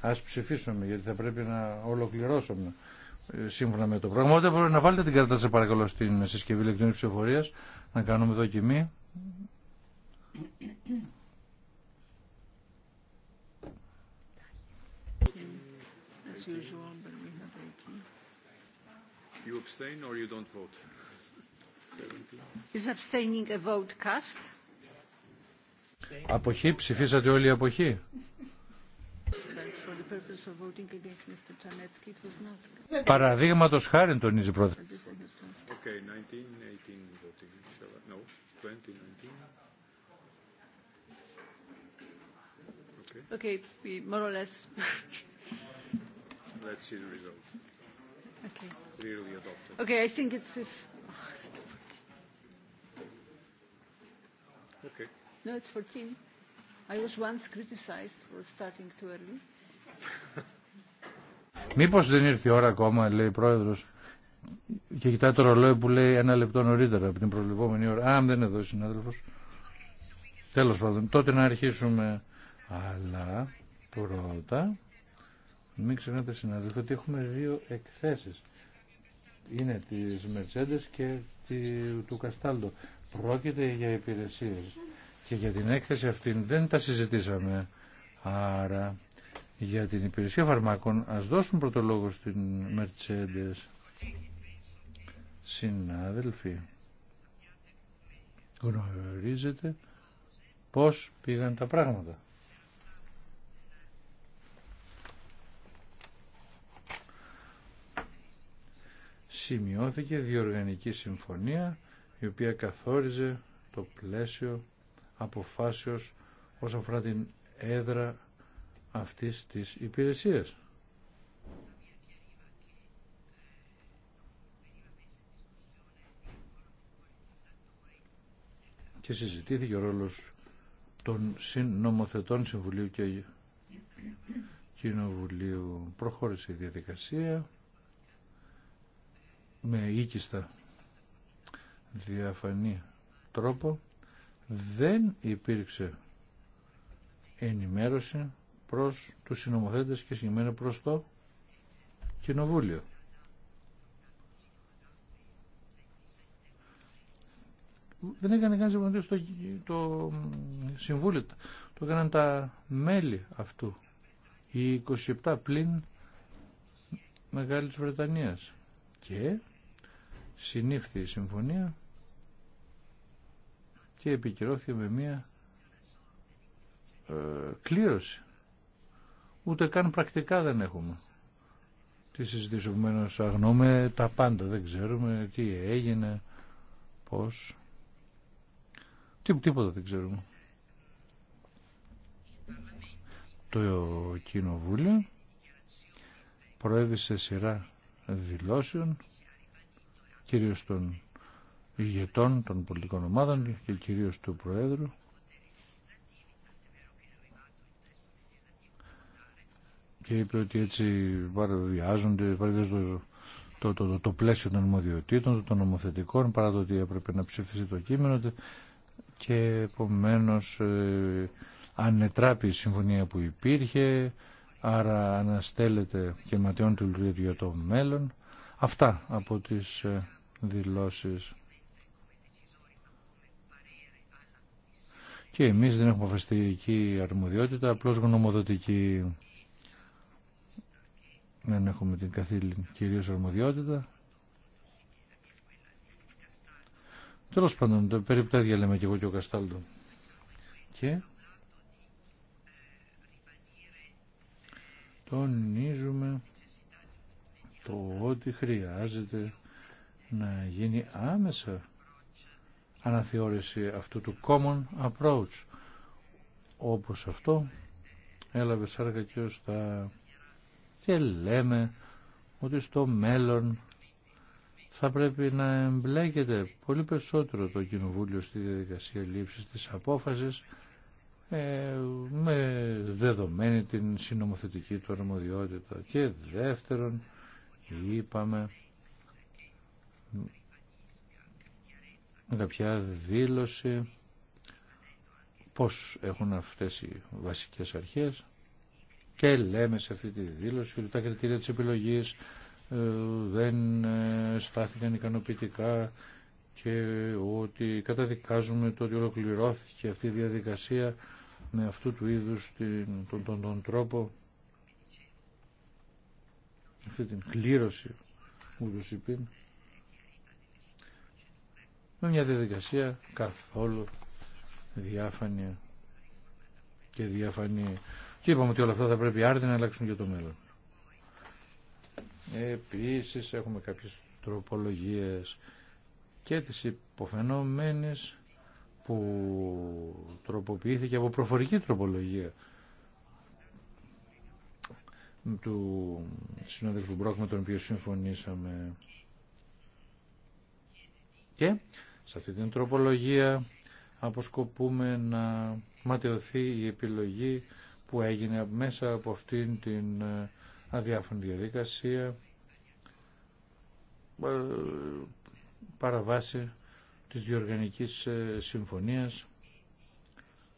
ας ψηφίσουμε γιατί θα πρέπει να ολοκληρώσουμε ε, σύμφωνα με το πρόγραμμα. Οπότε να βάλετε την κάρτα παρακαλώ στην συσκευή ηλεκτρονική ψηφοφορία να κάνουμε δοκιμή. You Is abstaining a vote cast? Αποχή, ψηφίσατε όλοι η Paradigma Παραδείγματος χάρη τονίζει πρώτα. Okay, 19, 18, voting, no, 20, 19. Okay, more or less. Let's see the result. Okay. Really adopted. Okay, I think it's Okay. No, it's 14. I was once criticized for starting too early. Μήπως δεν ήρθε η ώρα ακόμα, λέει η πρόεδρος, και κοιτάει το ρολόι που λέει ένα λεπτό νωρίτερα από την προβλεπόμενη ώρα. Α, δεν είναι εδώ η συνάδελφος. Τέλος πάντων, τότε να αρχίσουμε. Αλλά πρώτα, μην ξεχνάτε συνάδελφοι, ότι έχουμε δύο εκθέσεις. Είναι της Mercedes και του Καστάλτο. Πρόκειται για υπηρεσίες και για την έκθεση αυτήν δεν τα συζητήσαμε. Άρα για την υπηρεσία φαρμάκων ας δώσουν πρώτο λόγο στην Mercedes. Συνάδελφοι, γνωρίζετε πώς πήγαν τα πράγματα. Σημειώθηκε διοργανική συμφωνία η οποία καθόριζε το πλαίσιο αποφάσεως όσον αφορά την έδρα αυτής της υπηρεσίας. Και συζητήθηκε ο ρόλος των συνομοθετών Συμβουλίου και Κοινοβουλίου. Προχώρησε η διαδικασία με οίκιστα διαφανή τρόπο δεν υπήρξε ενημέρωση προς τους συνομοθέτες και συγκεκριμένα προς το Κοινοβούλιο. Δεν έκανε κανείς συμφωνητή στο το Συμβούλιο. Το έκαναν τα μέλη αυτού. Οι 27 πλην Μεγάλης Βρετανίας. Και συνήφθη η συμφωνία και επικυρώθηκε με μία ε, κλήρωση. Ούτε καν πρακτικά δεν έχουμε. Τι συζητήσουμε, αγνώμε τα πάντα, δεν ξέρουμε τι έγινε, πώς. Τι, τίποτα δεν ξέρουμε. Το Κοινοβούλιο προέβησε σειρά δηλώσεων, κυρίως των ηγετών των πολιτικών ομάδων και κυρίως του Προέδρου. Και είπε ότι έτσι παραβιάζονται, παραβιάζονται το, το, το, το, πλαίσιο των νομοδιοτήτων, των νομοθετικών, παρά το ότι έπρεπε να ψηφίσει το κείμενο και επομένω ε, ανετράπει η συμφωνία που υπήρχε, άρα αναστέλλεται και ματαιών του για το μέλλον. Αυτά από τις ε, δηλώσεις και εμείς δεν έχουμε φαστηρική αρμοδιότητα, απλώς γνωμοδοτική δεν έχουμε την καθήλυν κυρίως αρμοδιότητα. Τέλος πάντων, το περίπου τα λέμε και εγώ και ο Καστάλτο. Και τονίζουμε το ότι χρειάζεται να γίνει άμεσα αναθεώρηση αυτού του common approach όπως αυτό έλαβε σάρκα και ως τα και λέμε ότι στο μέλλον θα πρέπει να εμπλέκεται πολύ περισσότερο το Κοινοβούλιο στη διαδικασία λήψης της απόφασης ε, με δεδομένη την συνομοθετική του αρμοδιότητα. Και δεύτερον, είπαμε με κάποια δήλωση πώς έχουν αυτές οι βασικές αρχές και λέμε σε αυτή τη δήλωση ότι τα κριτήρια της επιλογής ε, δεν ε, στάθηκαν ικανοποιητικά και ότι καταδικάζουμε το ότι ολοκληρώθηκε αυτή η διαδικασία με αυτού του είδους τον, τον, τον τρόπο αυτή την κλήρωση ούτως με μια διαδικασία καθόλου διάφανη και διαφανή. Και είπαμε ότι όλα αυτά θα πρέπει άρτη να αλλάξουν για το μέλλον. Επίσης έχουμε κάποιες τροπολογίες και τις υποφαινόμενες που τροποποιήθηκε από προφορική τροπολογία του συναδελφού Μπρόκ με τον οποίο συμφωνήσαμε. Και σε αυτή την τροπολογία αποσκοπούμε να ματαιωθεί η επιλογή που έγινε μέσα από αυτήν την ε, αδιάφωνη διαδικασία ε, παραβάση της διοργανικής ε, συμφωνίας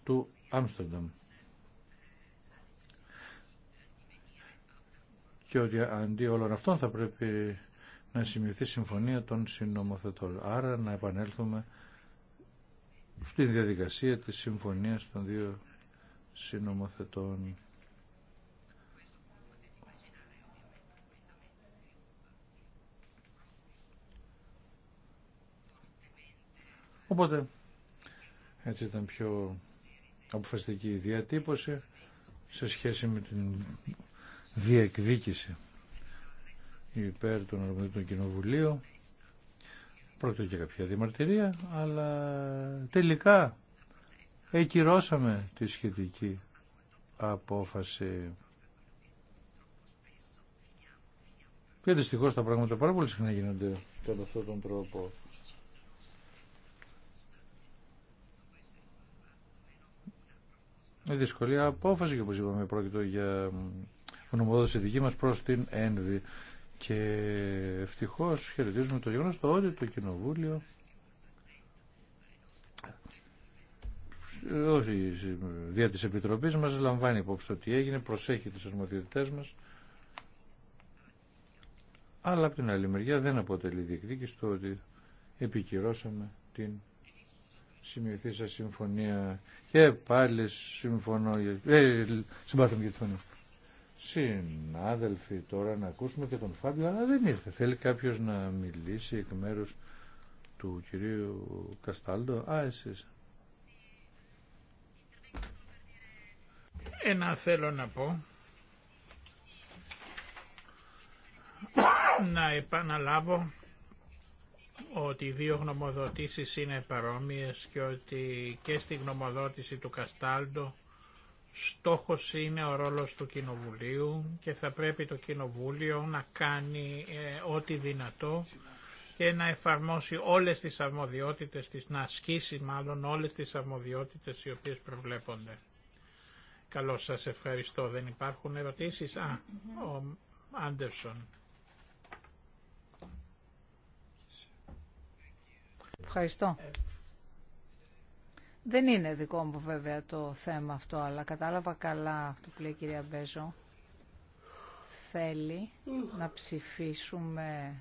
του Άμστερνταμ. Και ότι αντί όλων αυτών θα πρέπει να σημειωθεί συμφωνία των συνομοθετών. Άρα να επανέλθουμε στη διαδικασία της συμφωνίας των δύο συνομοθετών. Οπότε, έτσι ήταν πιο αποφασιστική η διατύπωση σε σχέση με την διεκδίκηση υπέρ των αρμοδίων του Κοινοβουλίου. Πρόκειται για κάποια διαμαρτυρία, αλλά τελικά εκυρώσαμε τη σχετική απόφαση. Και δυστυχώ τα πράγματα πάρα πολύ συχνά γίνονται κατά αυτόν τον τρόπο. Με δυσκολία απόφαση και όπως είπαμε πρόκειται για γνωμοδότηση δική μας προς την ένβη. Και ευτυχώς χαιρετίζουμε το γεγονό το ότι το Κοινοβούλιο όχι δια της Επιτροπής μας λαμβάνει υπόψη το έγινε, προσέχει τις αρμοδιότητές μας αλλά από την άλλη μεριά δεν αποτελεί διεκδίκηση το ότι επικυρώσαμε την σα συμφωνία και πάλι συμφωνώ, ε, για τη φωνή. Συνάδελφοι, τώρα να ακούσουμε και τον Φάμπιο, αλλά δεν ήρθε. Θέλει κάποιος να μιλήσει εκ μέρους του κυρίου Καστάλτο. Α, εσείς. Ένα θέλω να πω. να επαναλάβω ότι οι δύο γνωμοδοτήσεις είναι παρόμοιες και ότι και στη γνωμοδότηση του Καστάλτο Στόχος είναι ο ρόλος του Κοινοβουλίου και θα πρέπει το Κοινοβούλιο να κάνει ε, ό,τι δυνατό και να εφαρμόσει όλες τις αρμοδιότητες της, να ασκήσει μάλλον όλες τις αρμοδιότητες οι οποίες προβλέπονται. Καλώ σας ευχαριστώ. Δεν υπάρχουν ερωτήσεις. Α, ο Άντερσον. Ευχαριστώ. Δεν είναι δικό μου βέβαια το θέμα αυτό, αλλά κατάλαβα καλά αυτό που λέει η κυρία Μπέζο. Θέλει να ψηφίσουμε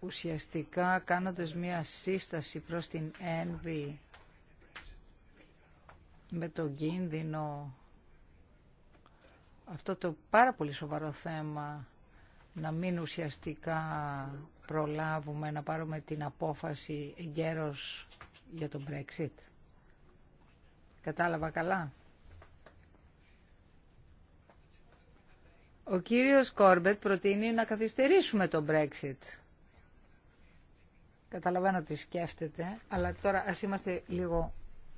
ουσιαστικά κάνοντας μία σύσταση προς την ένβη με τον κίνδυνο αυτό το πάρα πολύ σοβαρό θέμα να μην ουσιαστικά προλάβουμε να πάρουμε την απόφαση γέρος για τον Brexit. Κατάλαβα καλά. Ο κύριος Κόρμπετ προτείνει να καθυστερήσουμε τον Brexit. Καταλαβαίνω ότι σκέφτεται, αλλά τώρα ας είμαστε λίγο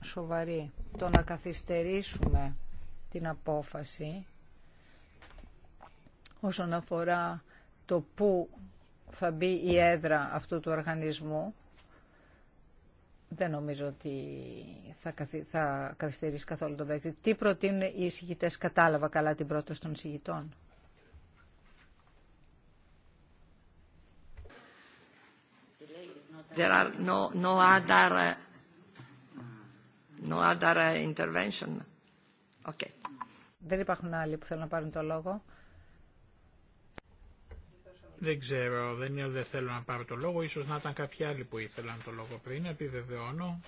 σοβαροί. Το να καθυστερήσουμε την απόφαση όσον αφορά το πού θα μπει η έδρα αυτού του οργανισμού. Δεν νομίζω ότι θα, καθυ... θα καθυστερήσει καθόλου το Brexit. Τι προτείνουν οι εισηγητές, κατάλαβα καλά την πρόταση των εισηγητών. no, no uh, intervention. Δεν υπάρχουν άλλοι που θέλουν να πάρουν το λόγο. Δεν ξέρω, δεν, δεν θέλω να πάρω το λόγο, ίσως να ήταν κάποιοι άλλοι που ήθελαν το λόγο πριν, επιβεβαιώνω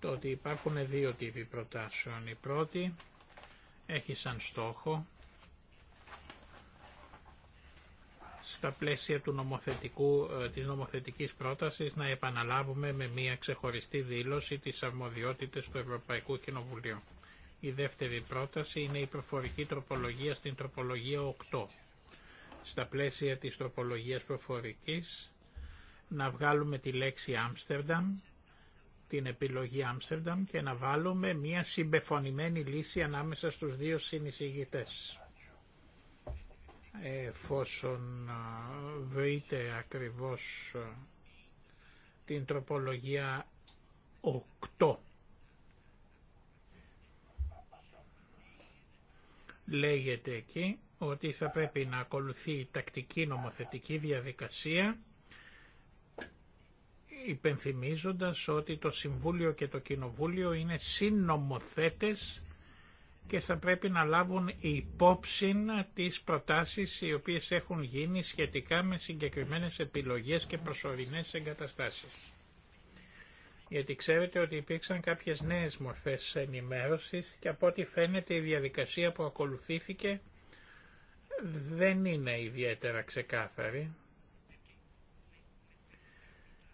το ότι υπάρχουν δύο τύποι προτάσεων. Η πρώτη έχει σαν στόχο στα πλαίσια του νομοθετικού, ε, της νομοθετικής πρότασης να επαναλάβουμε με μία ξεχωριστή δήλωση τις αρμοδιότητες του Ευρωπαϊκού Κοινοβουλίου. Η δεύτερη πρόταση είναι η προφορική τροπολογία στην τροπολογία 8 στα πλαίσια της τροπολογίας προφορικής να βγάλουμε τη λέξη Άμστερνταμ, την επιλογή Άμστερνταμ και να βάλουμε μια συμπεφωνημένη λύση ανάμεσα στους δύο συνεισηγητές. Εφόσον βρείτε ακριβώς την τροπολογία 8. Λέγεται εκεί ότι θα πρέπει να ακολουθεί η τακτική νομοθετική διαδικασία υπενθυμίζοντας ότι το Συμβούλιο και το Κοινοβούλιο είναι συνομοθέτες και θα πρέπει να λάβουν υπόψη τις προτάσεις οι οποίες έχουν γίνει σχετικά με συγκεκριμένες επιλογές και προσωρινές εγκαταστάσεις. Γιατί ξέρετε ότι υπήρξαν κάποιες νέες μορφές ενημέρωσης και από ό,τι φαίνεται η διαδικασία που ακολουθήθηκε δεν είναι ιδιαίτερα ξεκάθαρη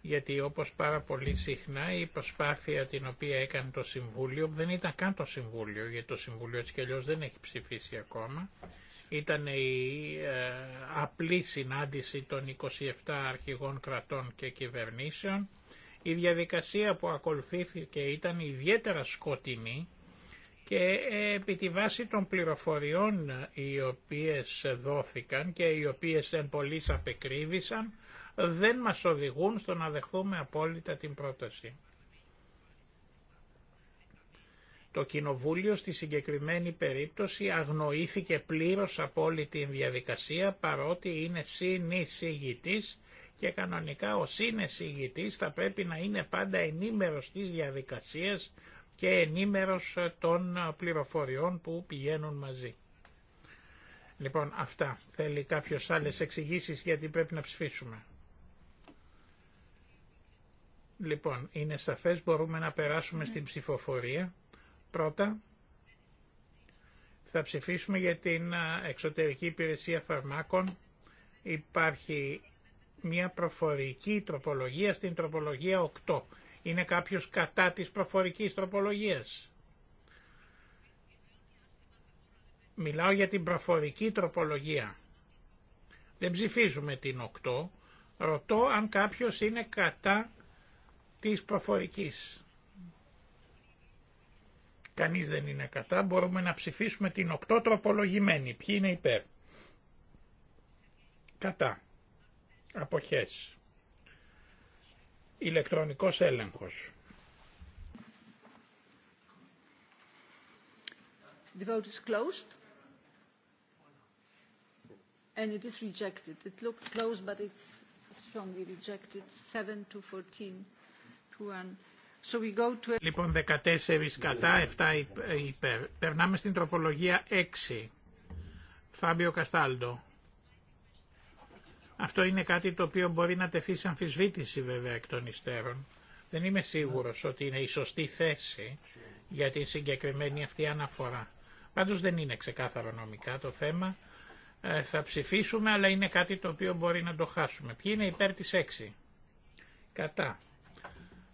γιατί όπως πάρα πολύ συχνά η προσπάθεια την οποία έκανε το Συμβούλιο, δεν ήταν καν το Συμβούλιο, γιατί το Συμβούλιο έτσι κι δεν έχει ψηφίσει ακόμα, ήταν η ε, απλή συνάντηση των 27 αρχηγών κρατών και κυβερνήσεων. Η διαδικασία που ακολουθήθηκε ήταν ιδιαίτερα σκοτεινή, και ε, επί τη βάση των πληροφοριών ε, οι οποίες δόθηκαν και οι οποίες εν πολλής απεκρίβησαν δεν μας οδηγούν στο να δεχθούμε απόλυτα την πρόταση. Το Κοινοβούλιο στη συγκεκριμένη περίπτωση αγνοήθηκε πλήρως από όλη την διαδικασία παρότι είναι συνεισηγητής και κανονικά ο συνεισηγητής θα πρέπει να είναι πάντα ενήμερος της διαδικασίας και ενήμερος των πληροφοριών που πηγαίνουν μαζί. Λοιπόν, αυτά. Θέλει κάποιος άλλες εξηγήσεις γιατί πρέπει να ψηφίσουμε. Λοιπόν, είναι σαφές, μπορούμε να περάσουμε στην ψηφοφορία. Πρώτα, θα ψηφίσουμε για την εξωτερική υπηρεσία φαρμάκων. Υπάρχει μια προφορική τροπολογία στην τροπολογία 8. Είναι κάποιος κατά της προφορικής τροπολογίας. Μιλάω για την προφορική τροπολογία. Δεν ψηφίζουμε την 8. Ρωτώ αν κάποιος είναι κατά της προφορικής. Κανείς δεν είναι κατά. Μπορούμε να ψηφίσουμε την 8 τροπολογημένη. Ποιοι είναι υπέρ. Κατά. Αποχές ηλεκτρονικός έλεγχος. The vote is closed. And it is rejected. It looked close, but it's strongly rejected. 7 to 14 to 1. So we go to... Λοιπόν, 14 κατά, 7 υπέρ. Περνάμε στην τροπολογία 6. Φάμπιο Καστάλντο. Αυτό είναι κάτι το οποίο μπορεί να τεθεί σε αμφισβήτηση βέβαια εκ των υστέρων. Δεν είμαι σίγουρος ότι είναι η σωστή θέση για την συγκεκριμένη αυτή αναφορά. Πάντως δεν είναι ξεκάθαρο νομικά το θέμα. Ε, θα ψηφίσουμε, αλλά είναι κάτι το οποίο μπορεί να το χάσουμε. Ποιοι είναι υπέρ της 6. Κατά.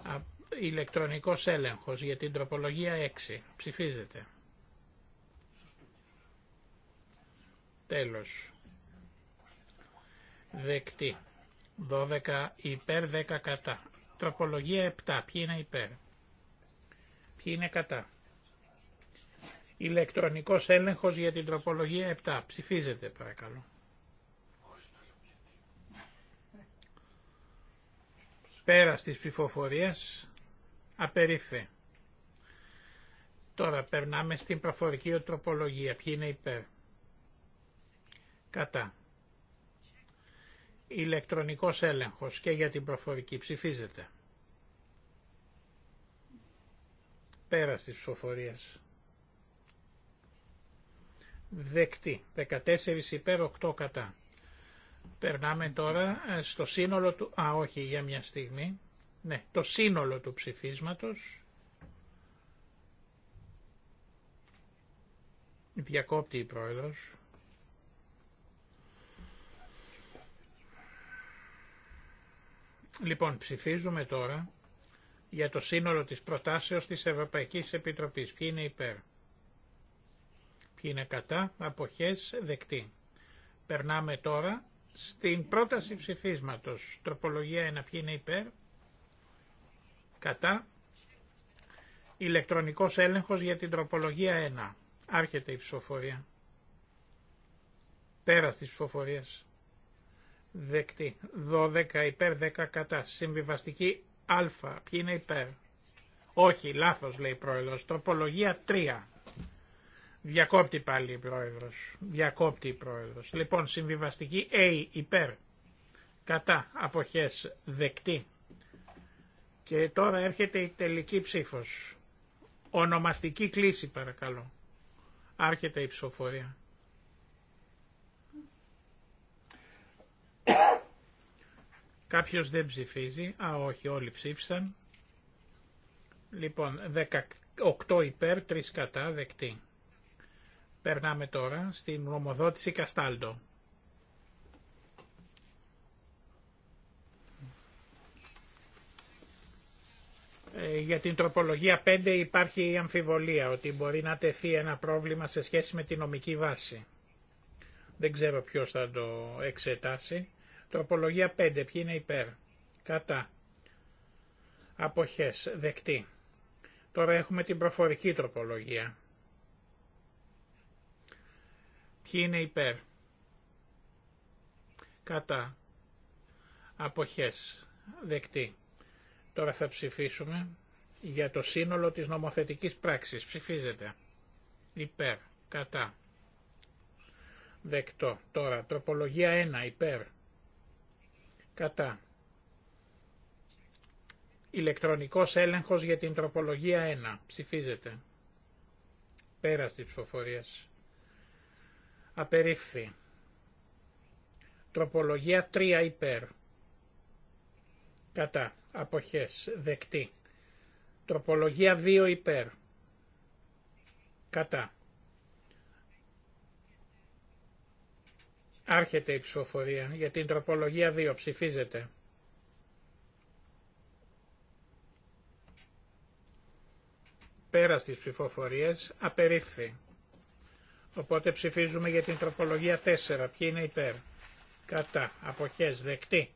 Α, ηλεκτρονικός έλεγχος για την τροπολογία 6. Ψηφίζεται. Τέλος δεκτή. 12 υπέρ, 10 κατά. Τροπολογία 7. Ποιοι είναι υπέρ. Ποιοι είναι κατά. Ηλεκτρονικός έλεγχος για την τροπολογία 7. Ψηφίζετε παρακαλώ. Πέρα της ψηφοφορία. Απερίφε. Τώρα περνάμε στην προφορική τροπολογία. Ποιοι είναι υπέρ. Κατά ηλεκτρονικός έλεγχος και για την προφορική ψηφίζεται. Πέρα στις ψηφοφορίας. Δεκτή. 14 υπέρ 8 κατά. Περνάμε τώρα ε, στο σύνολο του... Α, όχι, για μια στιγμή. Ναι, το σύνολο του ψηφίσματος. Διακόπτει η πρόεδρος. Λοιπόν, ψηφίζουμε τώρα για το σύνολο της προτάσεως της Ευρωπαϊκής Επιτροπής. Ποιοι είναι υπέρ. Ποιοι είναι κατά. Αποχές δεκτή. Περνάμε τώρα στην πρόταση ψηφίσματος. Τροπολογία 1. Ποιοι είναι υπέρ. Κατά. Ηλεκτρονικός έλεγχος για την τροπολογία 1. Άρχεται η ψηφοφορία. Πέρας της ψηφοφορίας δεκτή. 12 υπέρ 10 κατά. Συμβιβαστική α. Ποιοι είναι υπέρ. Όχι, λάθος λέει η πρόεδρος. Τροπολογία 3. Διακόπτη πάλι η πρόεδρος. Διακόπτη η πρόεδρος. Λοιπόν, συμβιβαστική α υπέρ. Κατά. Αποχές δεκτή. Και τώρα έρχεται η τελική ψήφος. Ονομαστική κλίση παρακαλώ. Άρχεται η ψηφοφορία. Κάποιος δεν ψηφίζει. Α, όχι, όλοι ψήφισαν. Λοιπόν, 18 υπέρ, 3 κατά, δεκτή. Περνάμε τώρα στην νομοδότηση Καστάλτο. Ε, για την τροπολογία 5 υπάρχει η αμφιβολία ότι μπορεί να τεθεί ένα πρόβλημα σε σχέση με τη νομική βάση. Δεν ξέρω ποιος θα το εξετάσει. Τροπολογία 5. Ποιοι είναι υπέρ. Κατά. Αποχές. Δεκτή. Τώρα έχουμε την προφορική τροπολογία. Ποιοι είναι υπέρ. Κατά. Αποχές. Δεκτή. Τώρα θα ψηφίσουμε για το σύνολο της νομοθετικής πράξης. Ψηφίζεται. Υπέρ. Κατά. Δεκτό. Τώρα, τροπολογία 1. Υπέρ. Κατά. Ηλεκτρονικός έλεγχος για την τροπολογία 1. Ψηφίζεται. Πέρα στις ψηφοφορίες. Απερίφθη. Τροπολογία 3 υπέρ. Κατά. Αποχές. Δεκτή. Τροπολογία 2 υπέρ. Κατά. Άρχεται η ψηφοφορία για την τροπολογία 2. Ψηφίζεται. Πέρα στις ψηφοφορίες απερίφθη. Οπότε ψηφίζουμε για την τροπολογία 4. Ποιοι είναι υπέρ. Κατά. Αποχές. Δεκτή.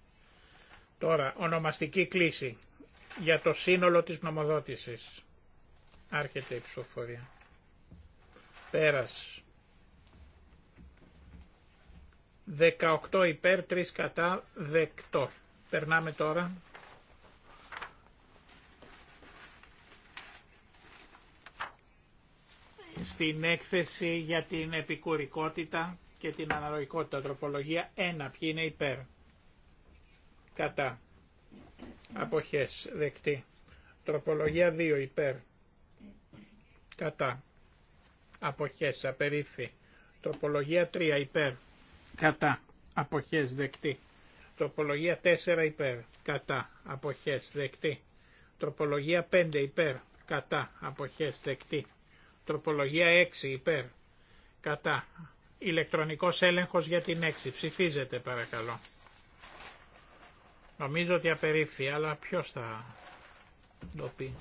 Τώρα, ονομαστική κλίση για το σύνολο της νομοδότησης. Άρχεται η ψηφοφορία. Πέρας. 18 υπέρ, 3 κατά, δεκτό. Περνάμε τώρα. Στην έκθεση για την επικουρικότητα και την αναλογικότητα τροπολογία 1. Ποιοι είναι υπέρ. Κατά. Αποχές. Δεκτή. Τροπολογία 2. Υπέρ. Κατά. Αποχές. Απερίφη. Τροπολογία 3. Υπέρ κατά αποχές δεκτή. Τροπολογία 4 υπέρ κατά αποχές δεκτή. Τροπολογία 5 υπέρ κατά αποχές δεκτή. Τροπολογία 6 υπέρ κατά. Ηλεκτρονικός έλεγχος για την 6. Ψηφίζετε παρακαλώ. Νομίζω ότι απερίφθη, αλλά ποιος θα το πει.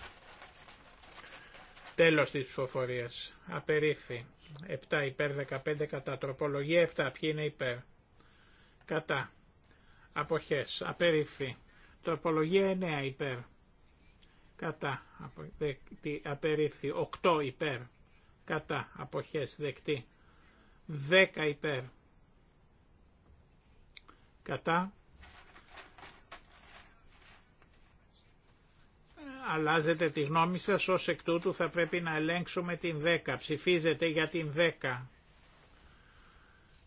Τέλος της ψηφοφορίας. Απερίφθη. 7 υπέρ 15 κατά. Τροπολογία 7. Ποιοι είναι υπέρ. Κατά. Αποχές. Απερίφθη. Τροπολογία 9 υπέρ. Κατά. Απερίφθη. 8 υπέρ. Κατά. Αποχές. Δεκτή. 10 υπέρ. Κατά. αλλάζετε τη γνώμη σας, ως εκ τούτου θα πρέπει να ελέγξουμε την 10. Ψηφίζετε για την 10.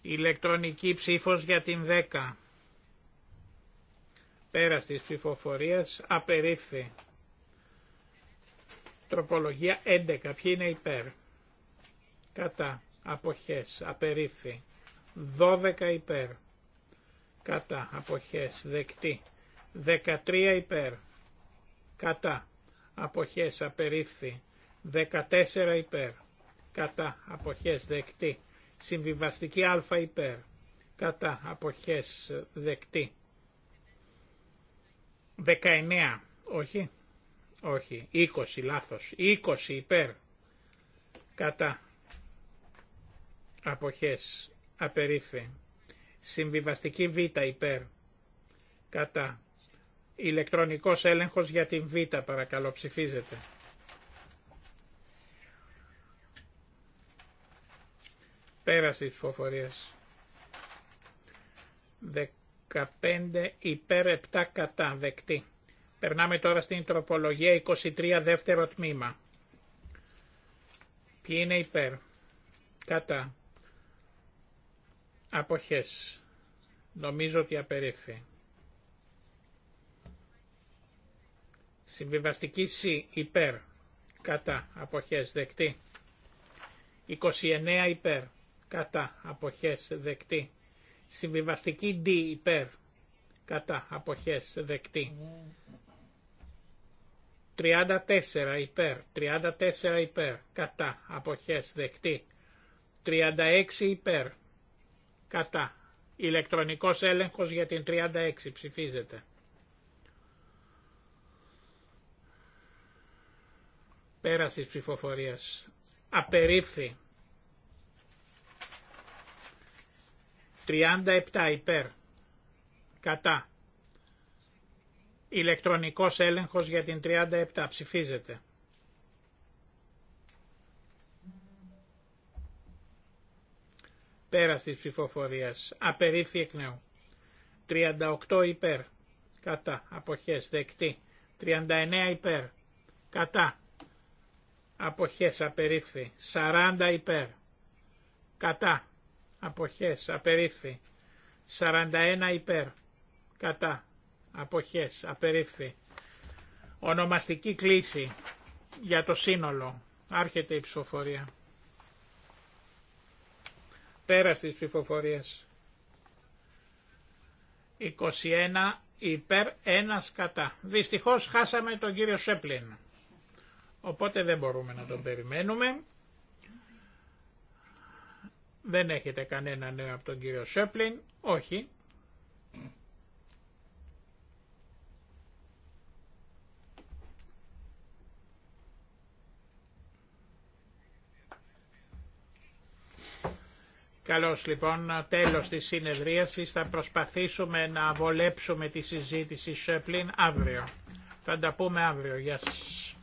Ηλεκτρονική ψήφος για την 10. Πέρας της ψηφοφορίας απερίφθη. Τροπολογία 11. Ποιοι είναι υπέρ. Κατά. Αποχές. Απερίφθη. 12 υπέρ. Κατά. Αποχές. Δεκτή. 13 υπέρ κατά αποχές απερίφθη 14 υπέρ κατά αποχές δεκτή συμβιβαστική α υπέρ κατά αποχές δεκτή 19 όχι όχι 20 λάθος 20 υπέρ κατά αποχές απερίφθη συμβιβαστική β υπέρ κατά Ηλεκτρονικός έλεγχος για την Β παρακαλώ ψηφίζετε. Πέραση της ψηφοφορίας. 15 υπέρ 7 κατά δεκτή. Περνάμε τώρα στην τροπολογία 23 δεύτερο τμήμα. Ποιοι είναι υπέρ. Κατά. Αποχές. Νομίζω ότι απερίφθη. Συμβιβαστική C υπέρ κατά αποχές δεκτή. 29 υπέρ κατά αποχές δεκτή. Συμβιβαστική D υπέρ κατά αποχές δεκτή. 34 υπέρ, 34 υπέρ, κατά, αποχές δεκτή. 36 υπέρ, κατά. Ηλεκτρονικός έλεγχος για την 36 ψηφίζεται. Πέρας της ψηφοφορίας. Απερίφθη. 37 υπέρ. Κατά. Ηλεκτρονικός έλεγχος για την 37. Ψηφίζεται. Πέρας της ψηφοφορίας. Απερίφθη εκ νέου. 38 υπέρ. Κατά. Αποχές. Δεκτή. 39 υπέρ. Κατά αποχές απερίφθη, 40 υπέρ, κατά, αποχές απερίφθη, 41 υπέρ, κατά, αποχές απερίφθη. Ονομαστική κλίση για το σύνολο, άρχεται η ψηφοφορία. Πέρα στις ψηφοφορίες. 21 υπέρ, ένας κατά. Δυστυχώς χάσαμε τον κύριο Σέπλιν. Οπότε δεν μπορούμε να τον περιμένουμε. Δεν έχετε κανένα νέο από τον κύριο Σέπλιν. Όχι. Καλώς λοιπόν, τέλος της συνεδρίασης θα προσπαθήσουμε να βολέψουμε τη συζήτηση Σέπλιν αύριο. Θα τα πούμε αύριο. Γεια σας.